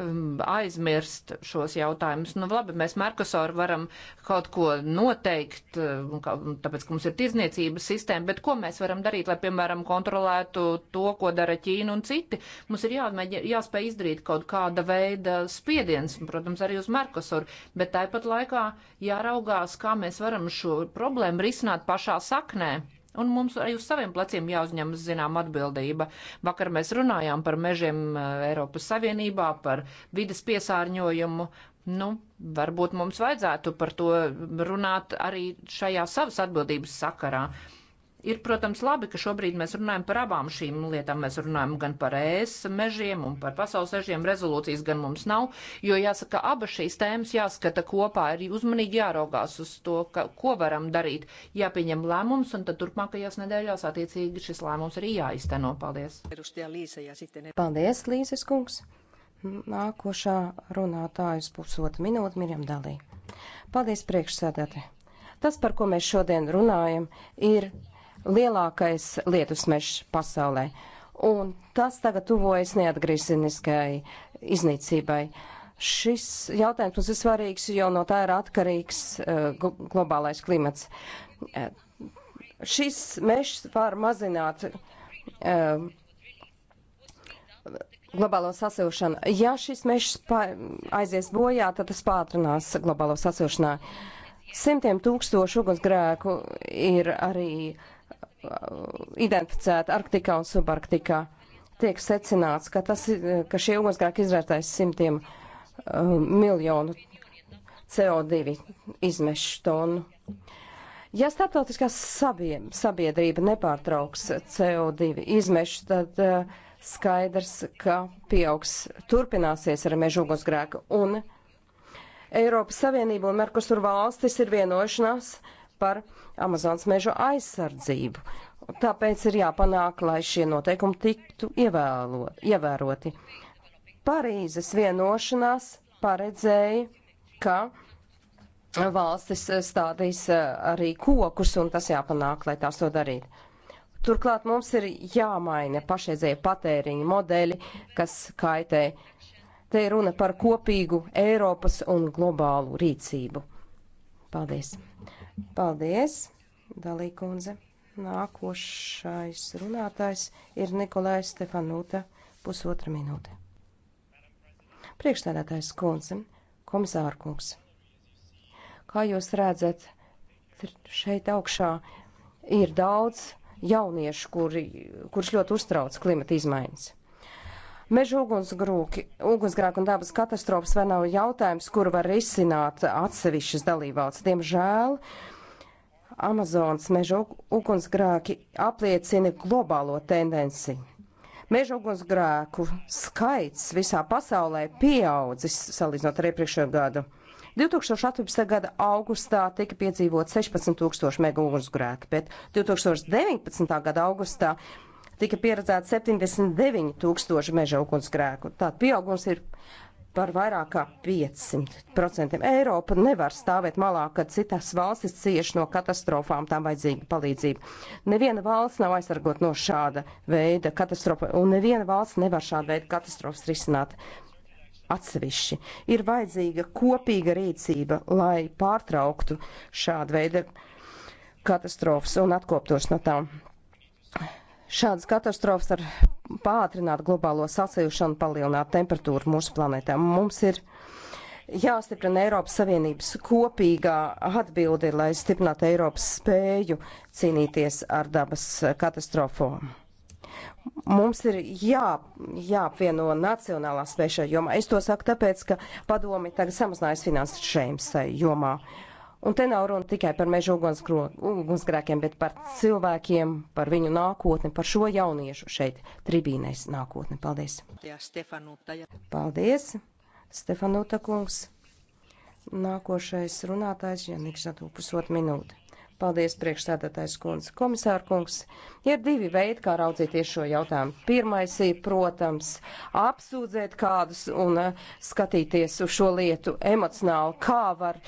um, aizmirst šos jautājumus. Nu, labi, mēs Merkosoru varam kaut ko noteikt, um, tāpēc, ka mums ir tirzniecības sistēma, bet ko mēs varam darīt, lai, piemēram, kontrolētu to, ko dara Ķīna un citi? Mums ir jāmēģi, jāspēj izdarīt kaut kāda veida spiediens, protams, arī uz Merkosoru, bet tāpat laikā jāraugās, kā mēs varam šo problēmu risināt pašā saknē Un mums arī uz saviem pleciem jāuzņemas zinām atbildība. Vakar mēs runājām par mežiem eh, Eiropas Savienībā, par vidas piesārņojumu. Nu, varbūt mums vajadzētu par to runāt arī šajā savas atbildības sakarā. Uh, Ir, protams, labi, ka šobrīd mēs runājam par abām šīm lietām. Mēs runājam gan par ES mežiem un par pasaules mežiem. Rezolūcijas gan mums nav, jo jāsaka, abas šīs tēmas jāskata kopā. Ir uzmanīgi jāraugās uz to, ka, ko varam darīt. Jāpieņem lēmums, un tad turpmākajās nedēļās attiecīgi šis lēmums arī jāizteno. Paldies! Paldies, Līzes kungs! Nākošā runātājas pusotra minūte Mirjam Dalī. Paldies priekšsēdētāji! Tas, par ko mēs šodien runājam, ir lielākais lietusmežs pasaulē. Un tas tagad tuvojas neatgriezeniskai iznīcībai. Šis jautājums mums ir svarīgs, jo no tā ir atkarīgs uh, globālais klimats. Uh, šis mežs var mazināt uh, globālo sasilšanu. Ja šis mežs aizies bojā, tad tas pātrinās globālo sasilšanā. Simtiem tūkstošu ugunsgrēku ir arī Uh, identificēta Arktikā un Subarktikā. Tiek secināts, ka, tas, ka šie ugunsgrēki izvērtais simtiem uh, miljonu CO2 izmešu tonu. Ja starptautiskā sabiedrība nepārtrauks CO2 izmešu, tad uh, skaidrs, ka pieaugs, turpināsies ar mežu ugunsgrēku. Un Eiropas Savienība un Merkusur valstis ir vienošanās uh, par Amazonas meža aizsardzību. Tāpēc ir jāpanāk, lai šie noteikumi tiktu ievēlo, ievēroti. Parīzes vienošanās paredzēja, ka valstis stādīs eh, arī kokus, un tas jāpanāk, lai tās to darītu. Turklāt mums ir jāmaina pašreizēja patēriņa modeļi, kas kaitē. Te ir runa par kopīgu Eiropas un globālu rīcību. Paldies! Paldies, Dalī kundze. Nākošais runātājs ir Nikolai Stefanūta, pusotra minūte. Priekšstādātājs kundze, komisāra kungs. Kā jūs redzat, šeit augšā ir daudz jauniešu, kuri, kurš ļoti uztrauc klimata izmaiņas. Meža ugunsgrēku un dabas katastrofas vēl nav jautājums, kuru var risināt atsevišķas dalībvalsts. Diemžēl Amazonas meža ugunsgrēki apliecina globālo tendenci. Meža ugunsgrēku skaits visā pasaulē pieaudzis salīdzinot ar iepriekšējo gadu. 2018. gada augustā tika piedzīvot 16 tūkstoši mega ugunsgrēki, bet 2019. gada augustā tika pieredzēta 79 tūkstoši meža ugunsgrēku. Tātad pieaugums ir par vairāk kā 500%. Eiropa nevar stāvēt malā, kad citas valstis cieš no katastrofām, tām vajadzīga palīdzība. Neviena valsts nav aizsargot no šāda veida katastrofa, un neviena valsts nevar šādu veidu katastrofas risināt. Atsevišķi ir vajadzīga kopīga rīcība, lai pārtrauktu šādu veidu katastrofas un atkoptos no tām. Šādas katastrofas var pātrināt globālo sasilšanu, palielināt temperatūru mūsu planētā. Mums ir jāstiprina Eiropas Savienības kopīgā atbildi, lai stiprinātu Eiropas spēju cīnīties ar dabas katastrofām. Mums ir jā, jāapvieno nacionālā spēšā jomā. Es to saku tāpēc, ka padomi tagad samazinājis finansējumu šai jomā. Uh, Un te nav runa tikai par meža ugunsgrēkiem, bet par cilvēkiem, par viņu nākotni, par šo jauniešu šeit tribīnēs nākotni. Paldies! Jā, Stefanuta. Jā. Paldies, Stefanuta kungs! Nākošais runātājs, ja nekšā to pusotru minūti. Paldies, priekšstādātais kundze. Komisāra kungs, ir divi veidi, kā raudzīties šo jautājumu. Pirmais ir, protams, apsūdzēt kādus un eh, skatīties uz šo lietu emocionāli, kā var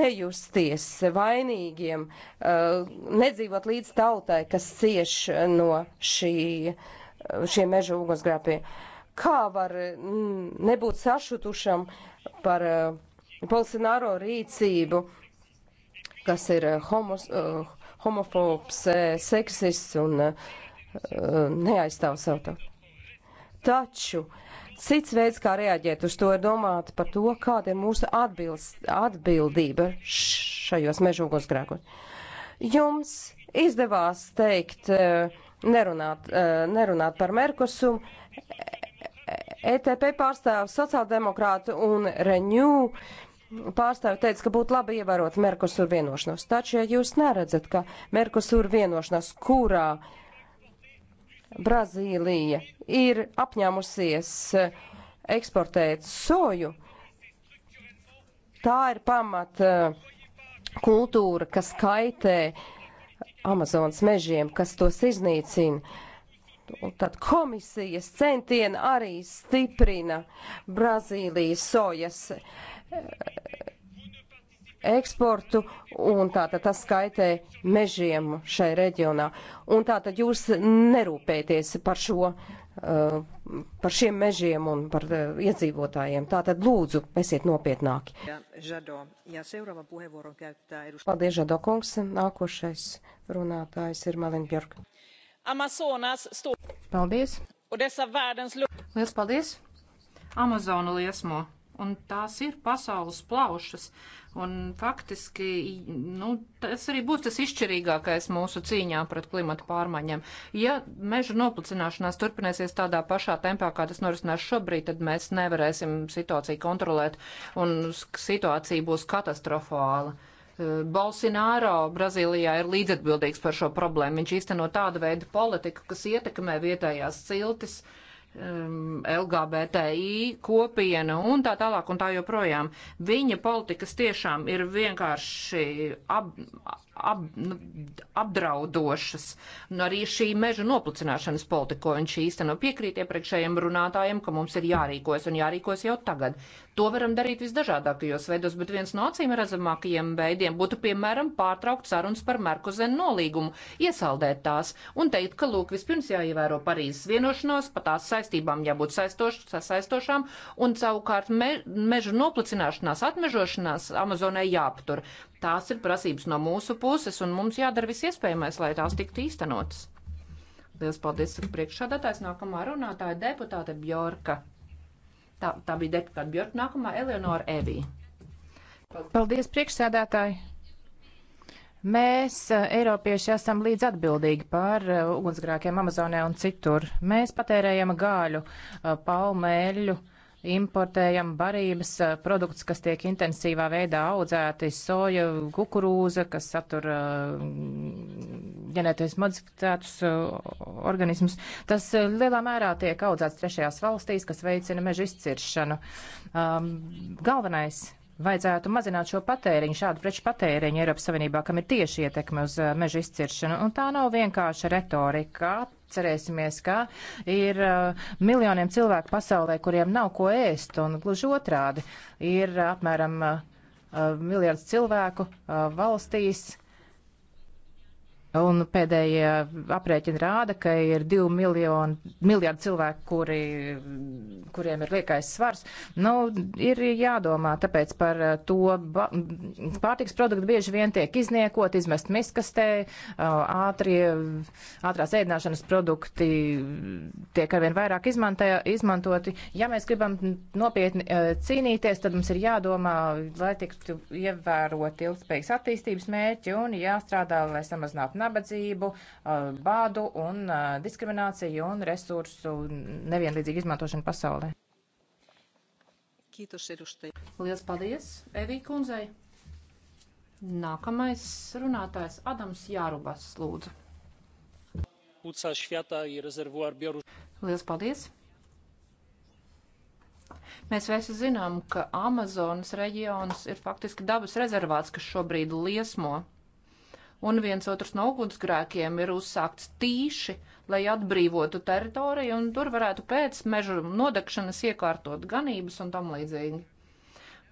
nejusties vainīgiem, eh, nedzīvot līdz tautai, kas cieš no šī, šiem meža ugunsgrāpiem. Kā var mm, nebūt sašutušam par eh, Bolsonaro rīcību kas ir eh, homos, eh, homofobs, eh, seksists un neaizstāv savu tautu. Taču cits veids, kā reaģēt uz to, ir domāt par to, kāda ir mūsu atbilds, atbildība šajos mežogos grēkos. Jums izdevās teikt, nerunāt, nerunāt par Merkusumu. ETP e-, e pārstāv sociāldemokrātu un Renew pārstāvi teica, ka būtu labi ievērot Merkusur vienošanos. Taču, ja jūs neredzat, ka Merkusur vienošanās, kurā Brazīlija ir apņēmusies eh, eksportēt soju, tā ir pamat eh, kultūra, kas kaitē Amazonas mežiem, kas tos iznīcina Tad komisijas centieni arī stiprina Brazīlijas sojas eh, eksportu, un tātad tas skaitē mežiem šai reģionā. Un tātad jūs nerūpēties par šo, eh, par šiem mežiem un par eh, iedzīvotājiem. Tātad lūdzu, esiet nopietnāki. Paldies, Žado kungs. Nākošais runātājs ir Malin Bjork. Paldies! Lielas paldies! Amazona liesmo. Un tās ir pasaules plaušas. Un faktiski, nu, tas arī būs tas izšķirīgākais mūsu cīņā pret klimatu pārmaiņām. Ja meža noplicināšanās turpināsies tādā pašā tempā, kā tas norisinās šobrīd, tad mēs nevarēsim situāciju kontrolēt un situācija būs katastrofāla. Bolsināro Brazīlijā ir līdzatbildīgs par šo problēmu. Viņš īsteno tādu veidu politiku, kas ietekmē vietējās ciltis, um, LGBTI kopienu un tā tālāk un tā joprojām. Viņa politikas tiešām ir vienkārši ab, ab, nu, apdraudošas. Un arī šī meža noplicināšanas politika, ko viņš īsteno piekrīt iepriekšējiem runātājiem, ka mums ir jārīkojas un jārīkojas jau tagad. To varam darīt visdažādākajos veidos, bet viens no acīm redzamākajiem veidiem būtu, piemēram, pārtraukt sarunas par Merkuzenu nolīgumu, iesaldēt tās un teikt, ka, lūk, vispirms jāievēro Parīzes vienošanās, pa tās saistībām jābūt saistoš, saistošām, un savukārt me, mežu noplicināšanās, atmežošanās Amazonai jāaptur. Tās ir prasības no mūsu puses, un mums jādara viss iespējamais, lai tās tiktu īstenotas. Lielas paldies, priekšādātājs. Nākamā runātāja deputāte Bjorka. Tā, tā bija deputāta Bjork, nākamā Eleonora Evī. Paldies, priekšsēdētāji! Mēs, eh, Eiropieši, esam līdz atbildīgi par eh, ugunsgrākiem Amazonē un citur. Mēs patērējam gāļu, eh, palmēļu, importējam barības eh, produktus, kas tiek intensīvā veidā audzēti, soja, kukurūza, kas satur eh, ģenētiski modificētus eh, organismus. Tas lielā mērā tiek audzēts trešajās valstīs, kas veicina meža izciršanu. Um, galvenais Vajadzētu mazināt šo patēriņu, šādu preču patēriņu Eiropas Savienībā, kam ir tieši ietekme uz uh, meža izciršanu. Un tā nav vienkārša retorika. Cerēsimies, ka ir uh, miljoniem cilvēku pasaulē, kuriem nav ko ēst, un gluži otrādi ir apmēram uh, miljards cilvēku valstīs, Un pēdējie aprēķini rāda, ka ir 2 miljoni, miljardi cilvēku, kuri, kuriem ir liekais svars. Nu, ir jādomā tāpēc par to. Pārtiks produkti bieži vien tiek izniekot, izmest miskastē, ātrie, ātrās ēdināšanas produkti tiek arvien vairāk izmantē, izmantoti. Ja mēs gribam nopietni cīnīties, tad mums ir jādomā, lai tiktu ievēroti ilgspējas attīstības mērķi un jāstrādā, lai samazinātu nabadzību, bādu un diskrimināciju un resursu nevienlīdzīgu izmantošanu pasaulē. Lielas paldies Evī kundzei! Nākamais runātājs Adams Jārubas, lūdzu. Lielas paldies! Mēs visi zinām, ka Amazonas reģions ir faktiski dabas rezervāts, kas šobrīd liesmo un viens otrs no ugunsgrēkiem ir uzsākts tīši, lai atbrīvotu teritoriju, un tur varētu pēc mežu nodegšanas iekārtot ganības un tam līdzīgi.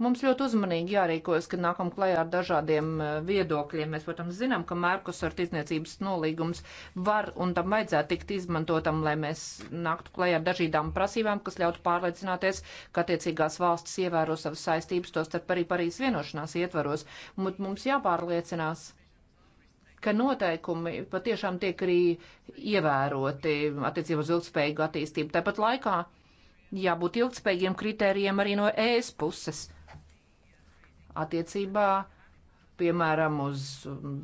Mums ļoti uzmanīgi jārīkojas, kad nākam klajā ar dažādiem eh, viedokļiem. Mēs, protams, zinām, ka Mērkusar tirdzniecības nolīgums var un tam vajadzētu tikt izmantotam, lai mēs nāktu klajā ar dažādām prasībām, kas ļautu pārliecināties, ka attiecīgās valstis ievēro savas saistības, tostarp arī Parīs vienošanās ietvaros. Mums jāpārliecinās ka noteikumi patiešām tiek arī ievēroti attiecībā uz ilgspējīgu attīstību. Tāpat laikā jābūt ilgspējīgiem kritērijiem arī no ES puses attiecībā, piemēram, uz um,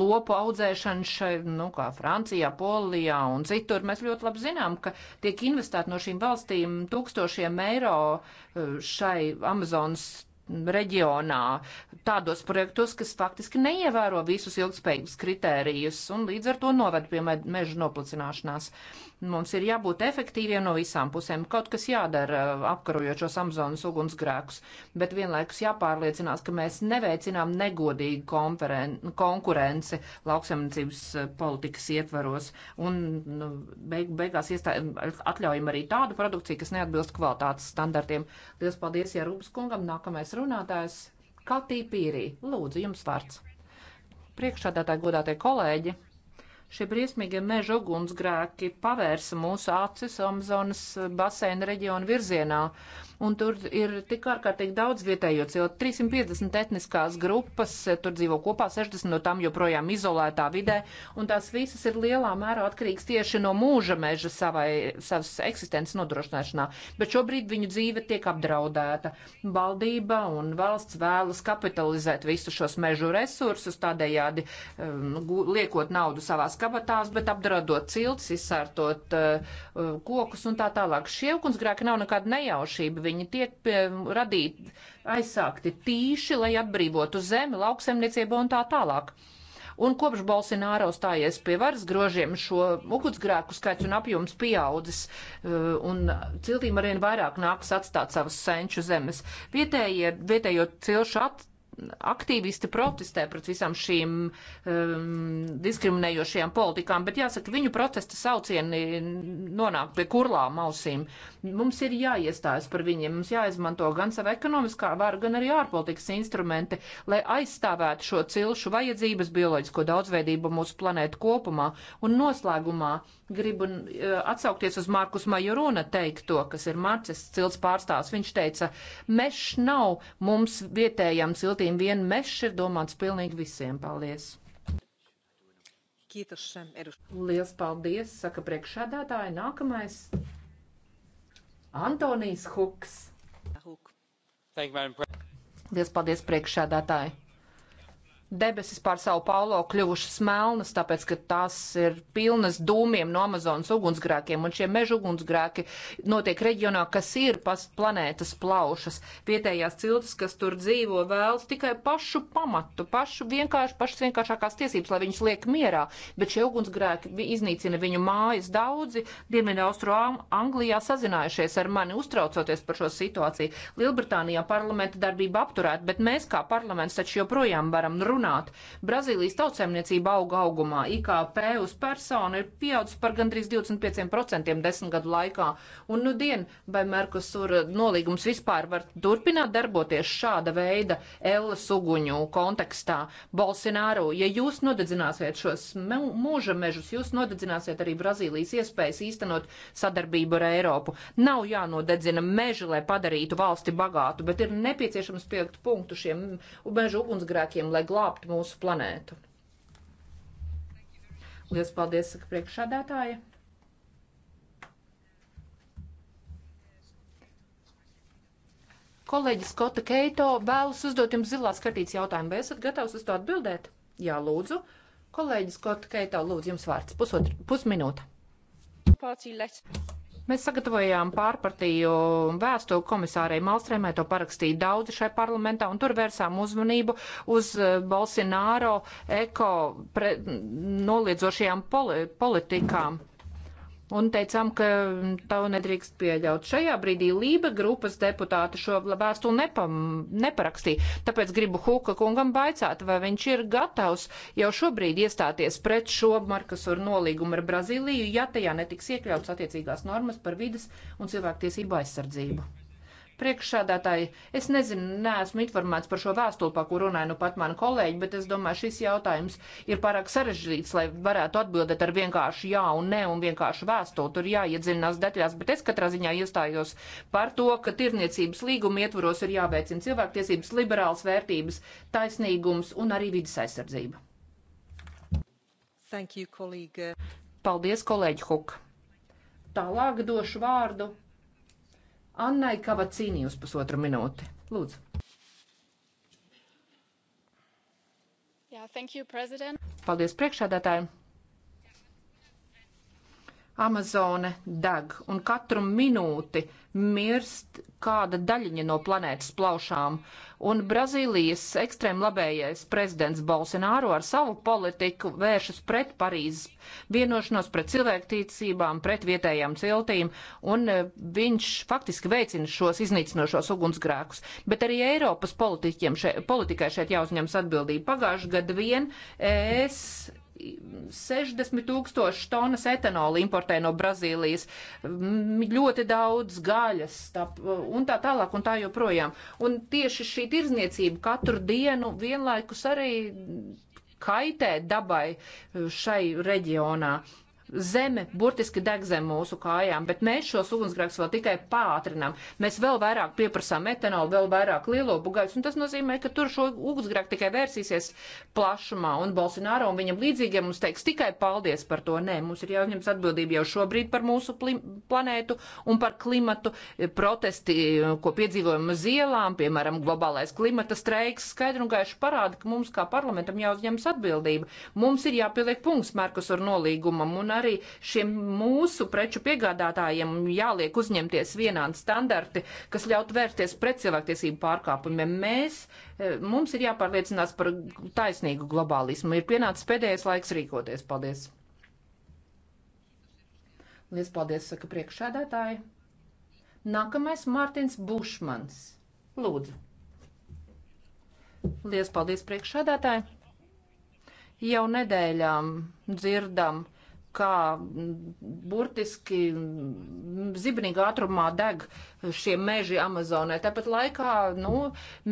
lopu audzēšana šeit, nu, kā Francijā, Polijā un citur. Mēs ļoti labi zinām, ka tiek investēti no šīm valstīm tūkstošiem eiro uh, šai Amazonas reģionā tādos projektos, kas faktiski neievēro visus ilgspējīgus kritērijus un līdz ar to noved pie meža noplicināšanās. Mums ir jābūt efektīviem no visām pusēm. Kaut kas jādara apkarojošos Amazonas ugunsgrēkus, bet vienlaikus jāpārliecinās, ka mēs neveicinām negodīgu konkurenci lauksaimniecības eh, politikas ietvaros un nu, beig beigās iestā... atļaujam arī tādu produkciju, kas neatbilst kvalitātes standartiem. Lielas paldies Jārūpas kungam. Nākamais runātājs Katī Pīrī. Lūdzu, jums vārds. Priekšādātāji, godātie kolēģi! Šie briesmīgie meža ugunsgrēki pavērsa mūsu acis Amazonas eh, baseina reģiona virzienā, un tur ir tik ārkārtīgi daudz vietējo cilvēku. 350 etniskās grupas eh, tur dzīvo kopā, 60 no tām joprojām izolētā vidē, un tās visas ir lielā mērā atkarīgas tieši no mūža meža savai, savas eksistences nodrošināšanā. Bet šobrīd viņu dzīve tiek apdraudēta. Valdība un valsts vēlas kapitalizēt visus šos mežu resursus, tādējādi um, liekot naudu savās kapitālās kabatās, bet apdraudot cilts, izsārtot uh, kokus un tā tālāk. Šie ugunsgrēki nav nekāda nejaušība. Viņi tiek pie, eh, radīti, aizsākti tīši, lai atbrīvotu zemi, lauksemniecību un tā tālāk. Un kopš Bolsonaro stājies pie varas grožiem, šo ugunsgrēku skaits un apjoms pieaudzis, eh, un ciltīm arvien vairāk nāks atstāt savas senču zemes. Vietējie, vietējo cilšu atstāt aktīvisti protestē pret visām šīm um, diskriminējošajām politikām, bet jāsaka, viņu protesta saucieni nonāk pie kurlām ausīm. Mums ir jāiestājas par viņiem, mums jāizmanto gan sava ekonomiskā vara, gan arī ārpolitikas instrumenti, lai aizstāvētu šo cilšu vajadzības bioloģisko daudzveidību mūsu planētu kopumā. Un noslēgumā gribu eh, atsaukties uz Markus Majoruna teikto, kas ir Marcis cilts pārstāvs. Viņš teica, mešs nav mums vietējām ciltīm, vien mešs ir domāts pilnīgi visiem. Paldies! Kītos, Liels paldies, saka priekšādātāja. Nākamais Antonijs Huks. Liels paldies priekšādātāji! debesis pār savu paulo kļuvušas melnas, tāpēc, ka tās ir pilnas dūmiem no Amazonas ugunsgrēkiem, un šie meža ugunsgrēki notiek reģionā, kas ir pas planētas plaušas. Vietējās ciltis, kas tur dzīvo, vēlas tikai pašu pamatu, pašu vienkārši, pašas vienkāršākās tiesības, lai viņus liek mierā, bet šie ugunsgrēki iznīcina viņu mājas. Daudzi Dienvidaustro Anglijā sazinājušies ar mani, uztraucoties par šo situāciju. Lielbritānijā parlamenta darbība apturēta, bet mēs kā parlaments taču joprojām varam runāt runāt. Brazīlijas tautsēmniecība auga augumā. IKP uz personu ir pieaudzis par gandrīz 25% desmit gadu laikā. Un nu dien, vai Merkusur nolīgums vispār var turpināt darboties šāda veida Ellas uguņu kontekstā? Bolsināru, ja jūs nodedzināsiet šos mūža mežus, jūs nodedzināsiet arī Brazīlijas iespējas īstenot sadarbību ar Eiropu. Nav jānodedzina meži, lai padarītu valsti bagātu, bet ir nepieciešams pielikt punktu šiem mežu ugunsgrēkiem, lai glābtu glābt mūsu planētu. Lielas paldies, saka priekšādātāja. Kolēģis Skota Keito vēlas uzdot jums zilā skatīts jautājumu. Vai esat gatavs uz to atbildēt? Jā, lūdzu. Kolēģis Skota Keito, lūdzu, jums vārds. Pusotru, pusminūte. Pārcīlēs. Mēs sagatavojām pārpartiju vēstuli komisārei Malstrēmai, to parakstīja daudzi šai parlamentā, un tur vērsām uzmanību uz eh, Bolsināro eko pre, noliedzošajām poli politikām. Mm un teicām, ka to nedrīkst pieļaut. Šajā brīdī Lība grupas deputāti šo vēstuli nepam, neparakstīja, tāpēc gribu Huka kungam baicāt, vai viņš ir gatavs jau šobrīd iestāties pret šo Markasuru nolīgumu ar Brazīliju, ja tajā netiks iekļauts attiecīgās normas par vidas un cilvēktiesību aizsardzību. Priekšsādātāji, es nezinu, neesmu informēts par šo vēstuli, par ko runāja nu pat mani kolēģi, bet es domāju, šis jautājums ir pārāk sarežģīts, lai varētu atbildēt ar vienkāršu jā un nē un vienkāršu vēstuli. Tur jāiedziļinās detaļās, bet es katrā ziņā iestājos par to, ka tirniecības līguma ietvaros ir jāveicina cilvēktiesības, liberāls vērtības, taisnīgums un arī vidas aizsardzība. Thank you, kolīga. Paldies, kolēģi Huk. Tālāk došu vārdu Annai Kavacīnī uz pusotru minūti. Lūdzu. Yeah, thank you, President. Paldies priekšādātājiem! Amazone deg, un katru minūti mirst kāda daļiņa no planētas plaušām. Un Brazīlijas ekstrēmlabējais prezidents Bolsonaro ar savu politiku vēršas pret Parīzes vienošanos, pret cilvēktīcībām, pret vietējām ciltīm, un e, viņš faktiski veicina šos iznīcinošos ugunsgrēkus. Bet arī Eiropas šeit, politikai šeit jāuzņems atbildība. Pagājuši gadu vien es 60 tūkstoši tonas etanola importē no Brazīlijas, ļoti daudz gaļas tā, un tā tālāk un tā joprojām. Un tieši šī tirzniecība katru dienu vienlaikus arī kaitē dabai šai reģionā. Zeme burtiski deg zem mūsu kājām, bet mēs šos ugunsgrēkus vēl tikai pātrinām. Mēs vēl vairāk pieprasām metanolu, vēl vairāk lielo bugaisu, un tas nozīmē, ka tur šo ugunsgrēku tikai vērsīsies plašumā, un Bolsonaro un viņam līdzīgiem mums teiks tikai paldies par to. Nē, mums ir jāuzņems atbildība jau šobrīd par mūsu planētu un par klimatu protesti, ko piedzīvojam uz ielām, piemēram, globālais klimata streiks, skaidri un gaiši parāda, ka mums kā parlamentam jāuzņems atbildība. Mums ir jāpieliek punkts Merkusur nolīgumam un arī šiem mūsu preču piegādātājiem jāliek uzņemties vienādi standarti, kas ļaut vērsties pret cilvēktiesību pārkāpumiem. Mēs, eh, mums ir jāpārliecinās par taisnīgu globālismu. Ir pienācis pēdējais laiks rīkoties. Paldies! Lies paldies, saka priekšsēdētāji. Nākamais Mārtiņš Bušmans. Lūdzu. Lies paldies priekšsēdētāji. Jau nedēļām dzirdam kā burtiski zibenīgā ātrumā deg šie meži Amazonē. Tāpat laikā, nu,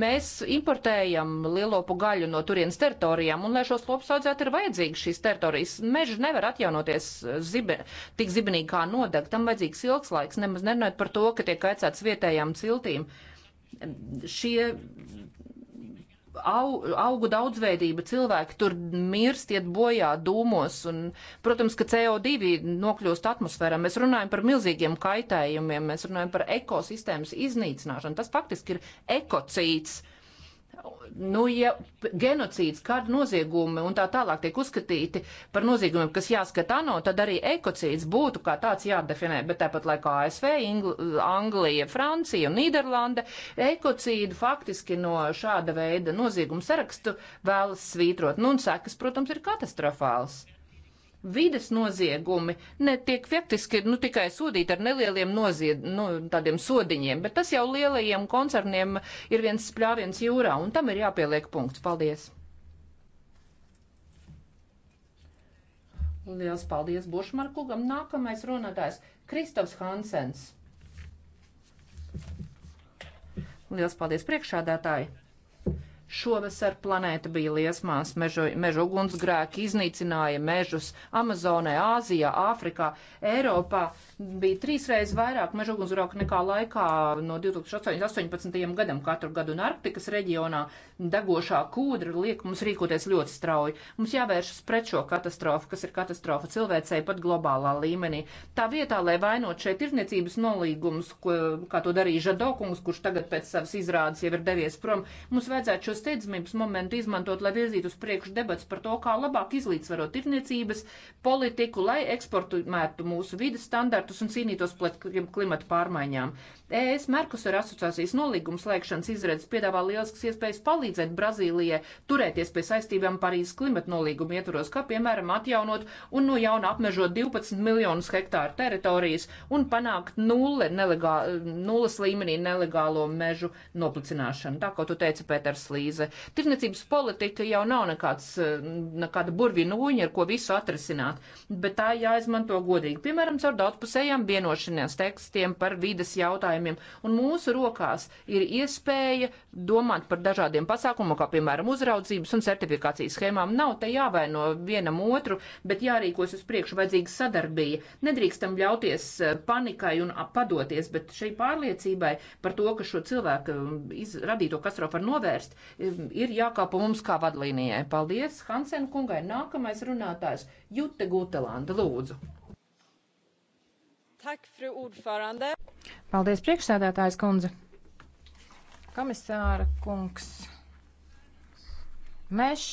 mēs importējam lielopu gaļu no turienes teritorijām, un, lai šos lopus audzētu, ir vajadzīgas šīs teritorijas. Meži nevar atjaunoties zibe, tik zibenīgi kā nodeg, tam vajadzīgs ilgs laiks, nemaz nerunājot par to, ka tiek aicēts vietējām ciltīm. Šie au, augu daudzveidība, cilvēki tur mirst, iet bojā dūmos, un, protams, ka CO2 nokļūst atmosfērā. Mēs runājam par milzīgiem kaitējumiem, mēs runājam par ekosistēmas iznīcināšanu. Tas faktiski ir ekocīts. Uh, nu, ja genocīds, kāda noziegumi un tā tālāk tiek uzskatīti par noziegumiem, kas jāskata ANO, tad arī ekocīds būtu kā tāds jādefinē, bet tāpat laikā ASV, Ingl Anglija, Francija un Nīderlanda ekocīdu faktiski no šāda veida noziegumu sarakstu vēlas svītrot. Nu, un sekas, protams, ir katastrofāls vides noziegumi netiek faktiski nu, tikai sodīti ar nelieliem nozied, nu, tādiem sodiņiem, bet tas jau lielajiem koncerniem ir viens spļāviens jūrā, un tam ir jāpieliek punkts. Paldies! Liels paldies Bušmarkugam. Nākamais runātājs Kristofs Hansens. Liels paldies priekšādātāji! Šovasar planēta bija liesmās, mežu, mežu ugunsgrēki iznīcināja mežus Amazonē, Āzijā, Āfrikā, Eiropā. Bija trīsreiz vairāk mežu ugunsgrēku nekā laikā no 2018. gadam katru gadu, un Arktikas reģionā degošā kūdra liek mums rīkoties ļoti strauji. Mums jāvēršas pret šo katastrofu, kas ir katastrofa cilvēcei pat globālā līmenī. Tā vietā, lai vainot šeit tirniecības nolīgumus, ko, kā to darīja Žadokungs, kurš tagad pēc savas izrādes jau ir devies prom, mums vajadzētu šos steidzamības momentu izmantot, lai virzītu uz priekšu debats par to, kā labāk izlīdzvarot tirniecības politiku, lai eksportumētu mūsu vidas standartus un cīnītos pret klimatu pārmaiņām. ES Merkusur asociācijas nolīgums slēgšanas izredzes piedāvā lielisks iespējas palīdzēt Brazīlijai turēties pie saistībām Parīzes klimata nolīguma ietvaros, kā piemēram atjaunot un no jauna apmežot 12 miljonus hektāru teritorijas un panākt nulle nelegā, nulles līmenī nelegālo mežu noplicināšanu. Tā, ko tu teici, Pēters Līze krīze. Tirniecības politika jau nav nekāds, eh, nekāda burvina uņa, ar ko visu atrisināt, bet tā jāizmanto godīgi. Piemēram, caur daudzpusējām vienošanās tekstiem par vides jautājumiem. Un mūsu rokās ir iespēja domāt par dažādiem pasākumiem, kā piemēram uzraudzības un certifikācijas schēmām. Nav te jāvaino vienam otru, bet jārīkos uz priekšu vajadzīga sadarbība. Nedrīkstam ļauties eh, panikai un padoties, bet šai pārliecībai par to, ka šo cilvēku mm, iz, radīto katastrofu var novērst, ir jākāpa mums kā vadlīnijai. Paldies Hansen kungai. Nākamais runātājs Jute Gutelanda, lūdzu. Tak, fru ordförande. Paldies priekšsēdētājs kundze. Komisāra kungs. Meš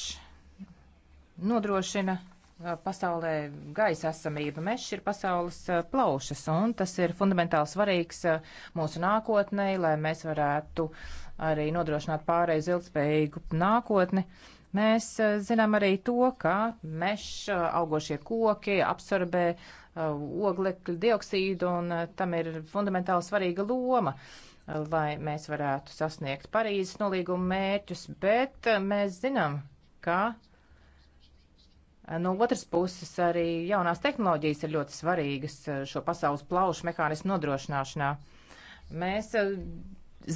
nodrošina pasaulē gaisa esamība. Mešs ir pasaules plaušas, un tas ir fundamentāli svarīgs mūsu nākotnē, lai mēs varētu arī nodrošināt pārējais ilgspējīgu nākotni. Mēs zinām arī to, ka mešs augošie koki absorbē oglekļa dioksīdu, un tam ir fundamentāli svarīga loma lai mēs varētu sasniegt Parīzes nolīguma mērķus, bet mēs zinām, ka uh, No otras puses, arī jaunās tehnoloģijas ir ļoti svarīgas eh, šo pasaules plaušu mehānismu nodrošināšanā. Mēs eh,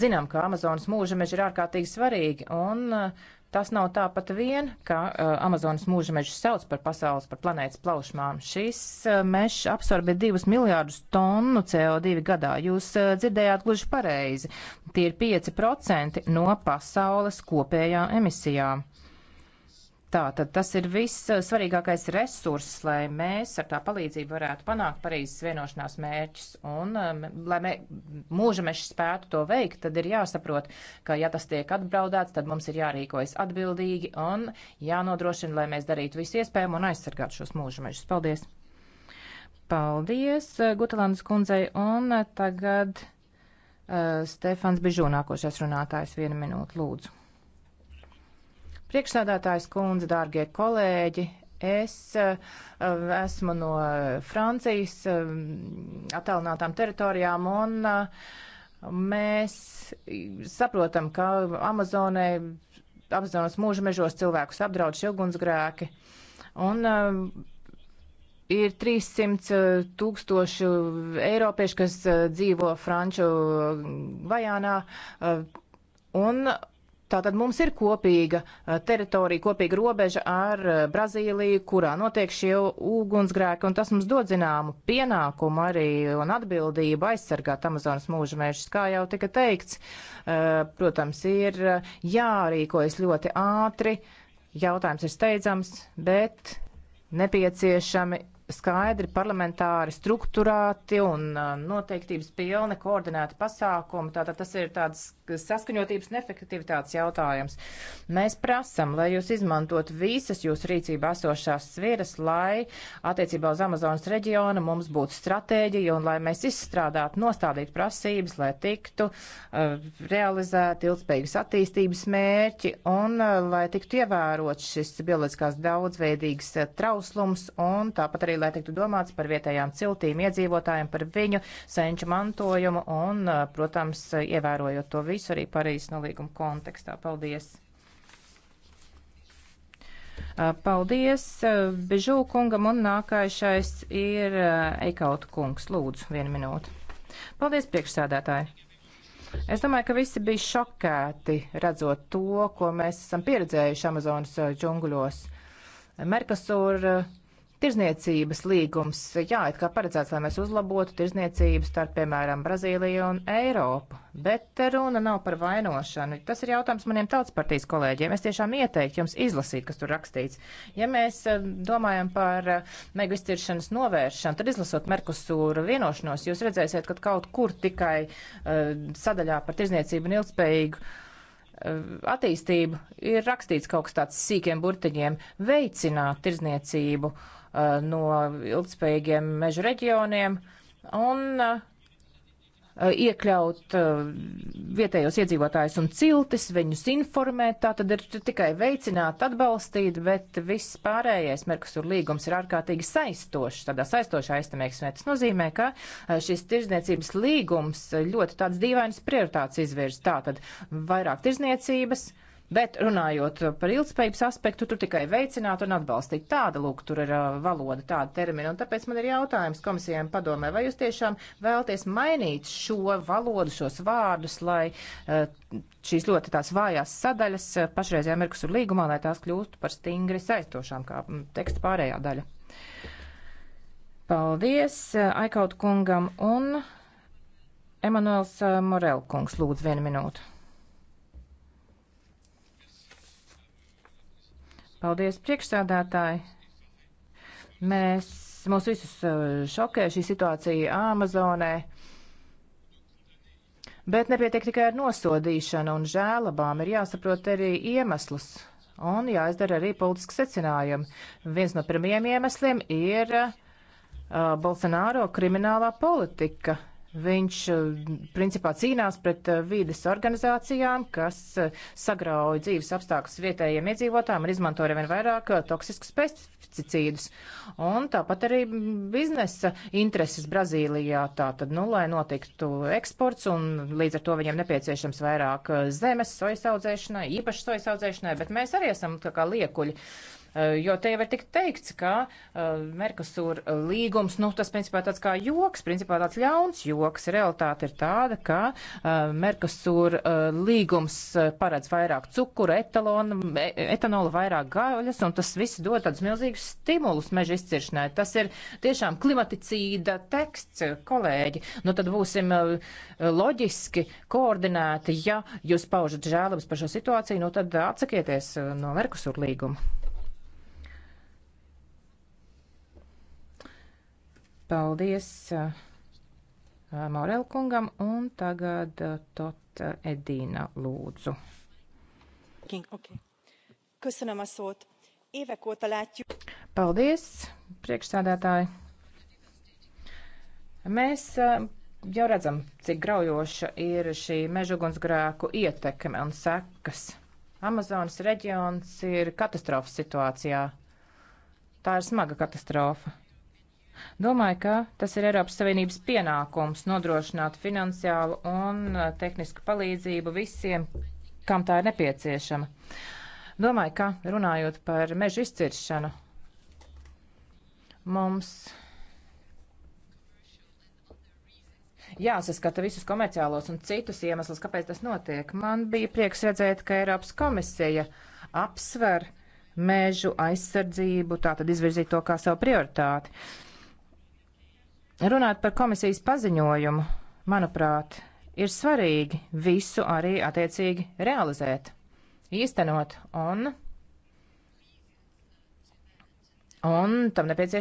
zinām, ka Amazonas mūžameži ir ārkārtīgi svarīgi, un eh, tas nav tāpat vien, ka Amazonas mūžamežus sauc par pasaules, par planētas plaušmām. Šis mežs absorbē divus miljārdus tonnu CO2 gadā. Jūs dzirdējāt gluži pareizi. Tie ir 5% no pasaules kopējām emisijām. Tātad tas ir viss uh, svarīgākais resurss, lai mēs ar tā palīdzību varētu panākt Parīzes vienošanās mērķus. Un, um, lai mē, mūža mēs spētu to veikt, tad ir jāsaprot, ka ja tas tiek atbraudēts, tad mums ir jārīkojas atbildīgi un jānodrošina, lai mēs darītu visu iespējamo un aizsargātu šos mūža mežus. Paldies! Paldies, uh, Gutelandas kundzei, un uh, tagad uh, Stefans Bižū nākošais runātājs vienu minūtu lūdzu. Priekšsādātājs kundze, dārgie kolēģi, Es uh, esmu no Francijas uh, attālinātām teritorijām un uh, mēs saprotam, ka Amazonē, Amazonas mūža mežos cilvēkus apdraud šilgunsgrēki. Un ir 300 tūkstoši eiropiešu, kas dzīvo Franču Vajānā. Un Tātad mums ir kopīga eh, teritorija, kopīga robeža ar eh, Brazīliju, kurā notiek šie ugunsgrēki, un tas mums dod zināmu pienākumu arī un atbildību aizsargāt Amazonas mūža mēžus. Kā jau tika teikts, eh, protams, ir jārīkojas ļoti ātri, jautājums ir steidzams, bet nepieciešami skaidri parlamentāri strukturāti un noteiktības pilni koordinēti pasākumi. Tātad tas ir tāds saskaņotības un efektivitātes jautājums. Mēs prasam, lai jūs izmantot visas jūsu rīcībā esošās sviras, lai attiecībā uz Amazonas reģionu mums būtu stratēģija un lai mēs izstrādātu nostādīt prasības, lai tiktu uh, realizēti ilgspējīgas attīstības mērķi un uh, lai tiktu ievērots šis bioloģiskās daudzveidīgas uh, trauslums un tāpat arī, lai tiktu domāts par vietējām ciltīm iedzīvotājiem, par viņu senču mantojumu un, uh, protams, ievērojot to visu visu arī Parīzes nolīguma kontekstā. Paldies! Uh, paldies uh, Bežū kungam un nākājušais ir uh, Eikaut kungs. Lūdzu, vienu minūtu. Paldies, priekšsēdētāji! Es domāju, ka visi bija šokēti redzot to, ko mēs esam pieredzējuši Amazonas džungļos. Merkasūra uh, Tirzniecības līgums, jā, it kā paredzēts, lai mēs uzlabotu tirzniecību starp, piemēram, Brazīliju un Eiropu, bet runa nav par vainošanu. Tas ir jautājums maniem tautspartijas kolēģiem. Es tiešām ieteiktu jums izlasīt, kas tur rakstīts. Ja mēs eh, domājam par eh, megu izciršanas novēršanu, tad izlasot Merkusūra vienošanos, jūs redzēsiet, ka kaut kur tikai uh, sadaļā par tirzniecību un ilgspējīgu attīstību ir rakstīts kaut kas tāds sīkiem burtiņiem - veicināt tirzniecību Uh, no ilgspējīgiem mežu reģioniem un uh, iekļaut uh, vietējos iedzīvotājus un ciltis, viņus informēt, tā tad ir tikai veicināt, atbalstīt, bet viss pārējais Merkusur līgums ir ārkārtīgi saistošs, tādā saistošā aiztamieksmē. Tas nozīmē, ka šis tirzniecības līgums ļoti tāds dīvainas prioritātes izvirz, tā tad vairāk tirzniecības, Bet runājot par ilgspējības aspektu, tur tikai veicināt un atbalstīt. Tāda lūk, tur ir uh, valoda, tāda termina. Un tāpēc man ir jautājums komisijām padomē, vai jūs tiešām vēlties mainīt šo valodu, šos vārdus, lai uh, šīs ļoti tās vājās sadaļas uh, pašreizējā Merkusur līgumā, lai tās kļūtu par stingri saistošām, kā teksta pārējā daļa. Paldies Aikaut kungam un Emanuels Morel kungs lūdzu vienu minūtu. Paldies, priekšsādātāji. Mēs, mūs visus uh, šokē šī situācija Amazonē. Bet nepietiek tikai ar nosodīšanu un žēlabām, ir jāsaprot arī iemeslus un jāizdara arī politiski secinājumi. Viens no pirmajiem iemesliem ir uh, Bolsonaro kriminālā politika. Viņš eh, principā cīnās pret eh, vīdes organizācijām, kas eh, sagrauj dzīves apstākļus vietējiem iedzīvotājiem un izmanto arvien vairāk toksiskus pesticīdus. Un tāpat arī biznesa intereses Brazīlijā. Tātad, nu, lai notiktu eksports un līdz ar to viņiem nepieciešams vairāk zemes sojas audzēšanai, īpaši sojas audzēšanai, bet mēs arī esam kā, kā liekuļi. Uh, Eh, jo te jau ir tik teikts, ka eh, Merkosur līgums, nu, tas principā tāds kā joks, principā tāds ļauns joks. Realtāte ir tāda, ka eh, Merkosur līgums paredz vairāk cukura, etalonu, etanola, vairāk gaļas, un tas viss dod tādus milzīgus stimulus meža izciršanai. Tas ir tiešām klimaticīda teksts, kolēģi. Nu, tad būsim loģiski koordinēti, ja jūs paužat žēlības par šo situāciju, nu tad atsakieties no Merkusur līguma. Paldies uh, uh, Morel kungam un tagad uh, Tot Edīna lūdzu. Paldies, priekšsādātāji. Mēs jau redzam, cik graujoša ir šī mežugunsgrēku ietekme un sekas. Amazonas reģions ir katastrofas situācijā. Tā ir smaga katastrofa. Domāju, ka tas ir Eiropas Savienības pienākums nodrošināt finansiālu un eh, tehnisku palīdzību visiem, kam tā ir nepieciešama. Domāju, ka runājot par mežu izciršanu, mums jāsaskata visus komerciālos un citus iemeslus, kāpēc tas notiek. Man bija prieks redzēt, ka Eiropas komisija apsver mežu aizsardzību, tātad izvirzīt to kā savu prioritāti. Runāt par komisijas paziņojumu, manuprāt, ir svarīgi visu arī attiecīgi realizēt, īstenot un, un tam nepieciešams.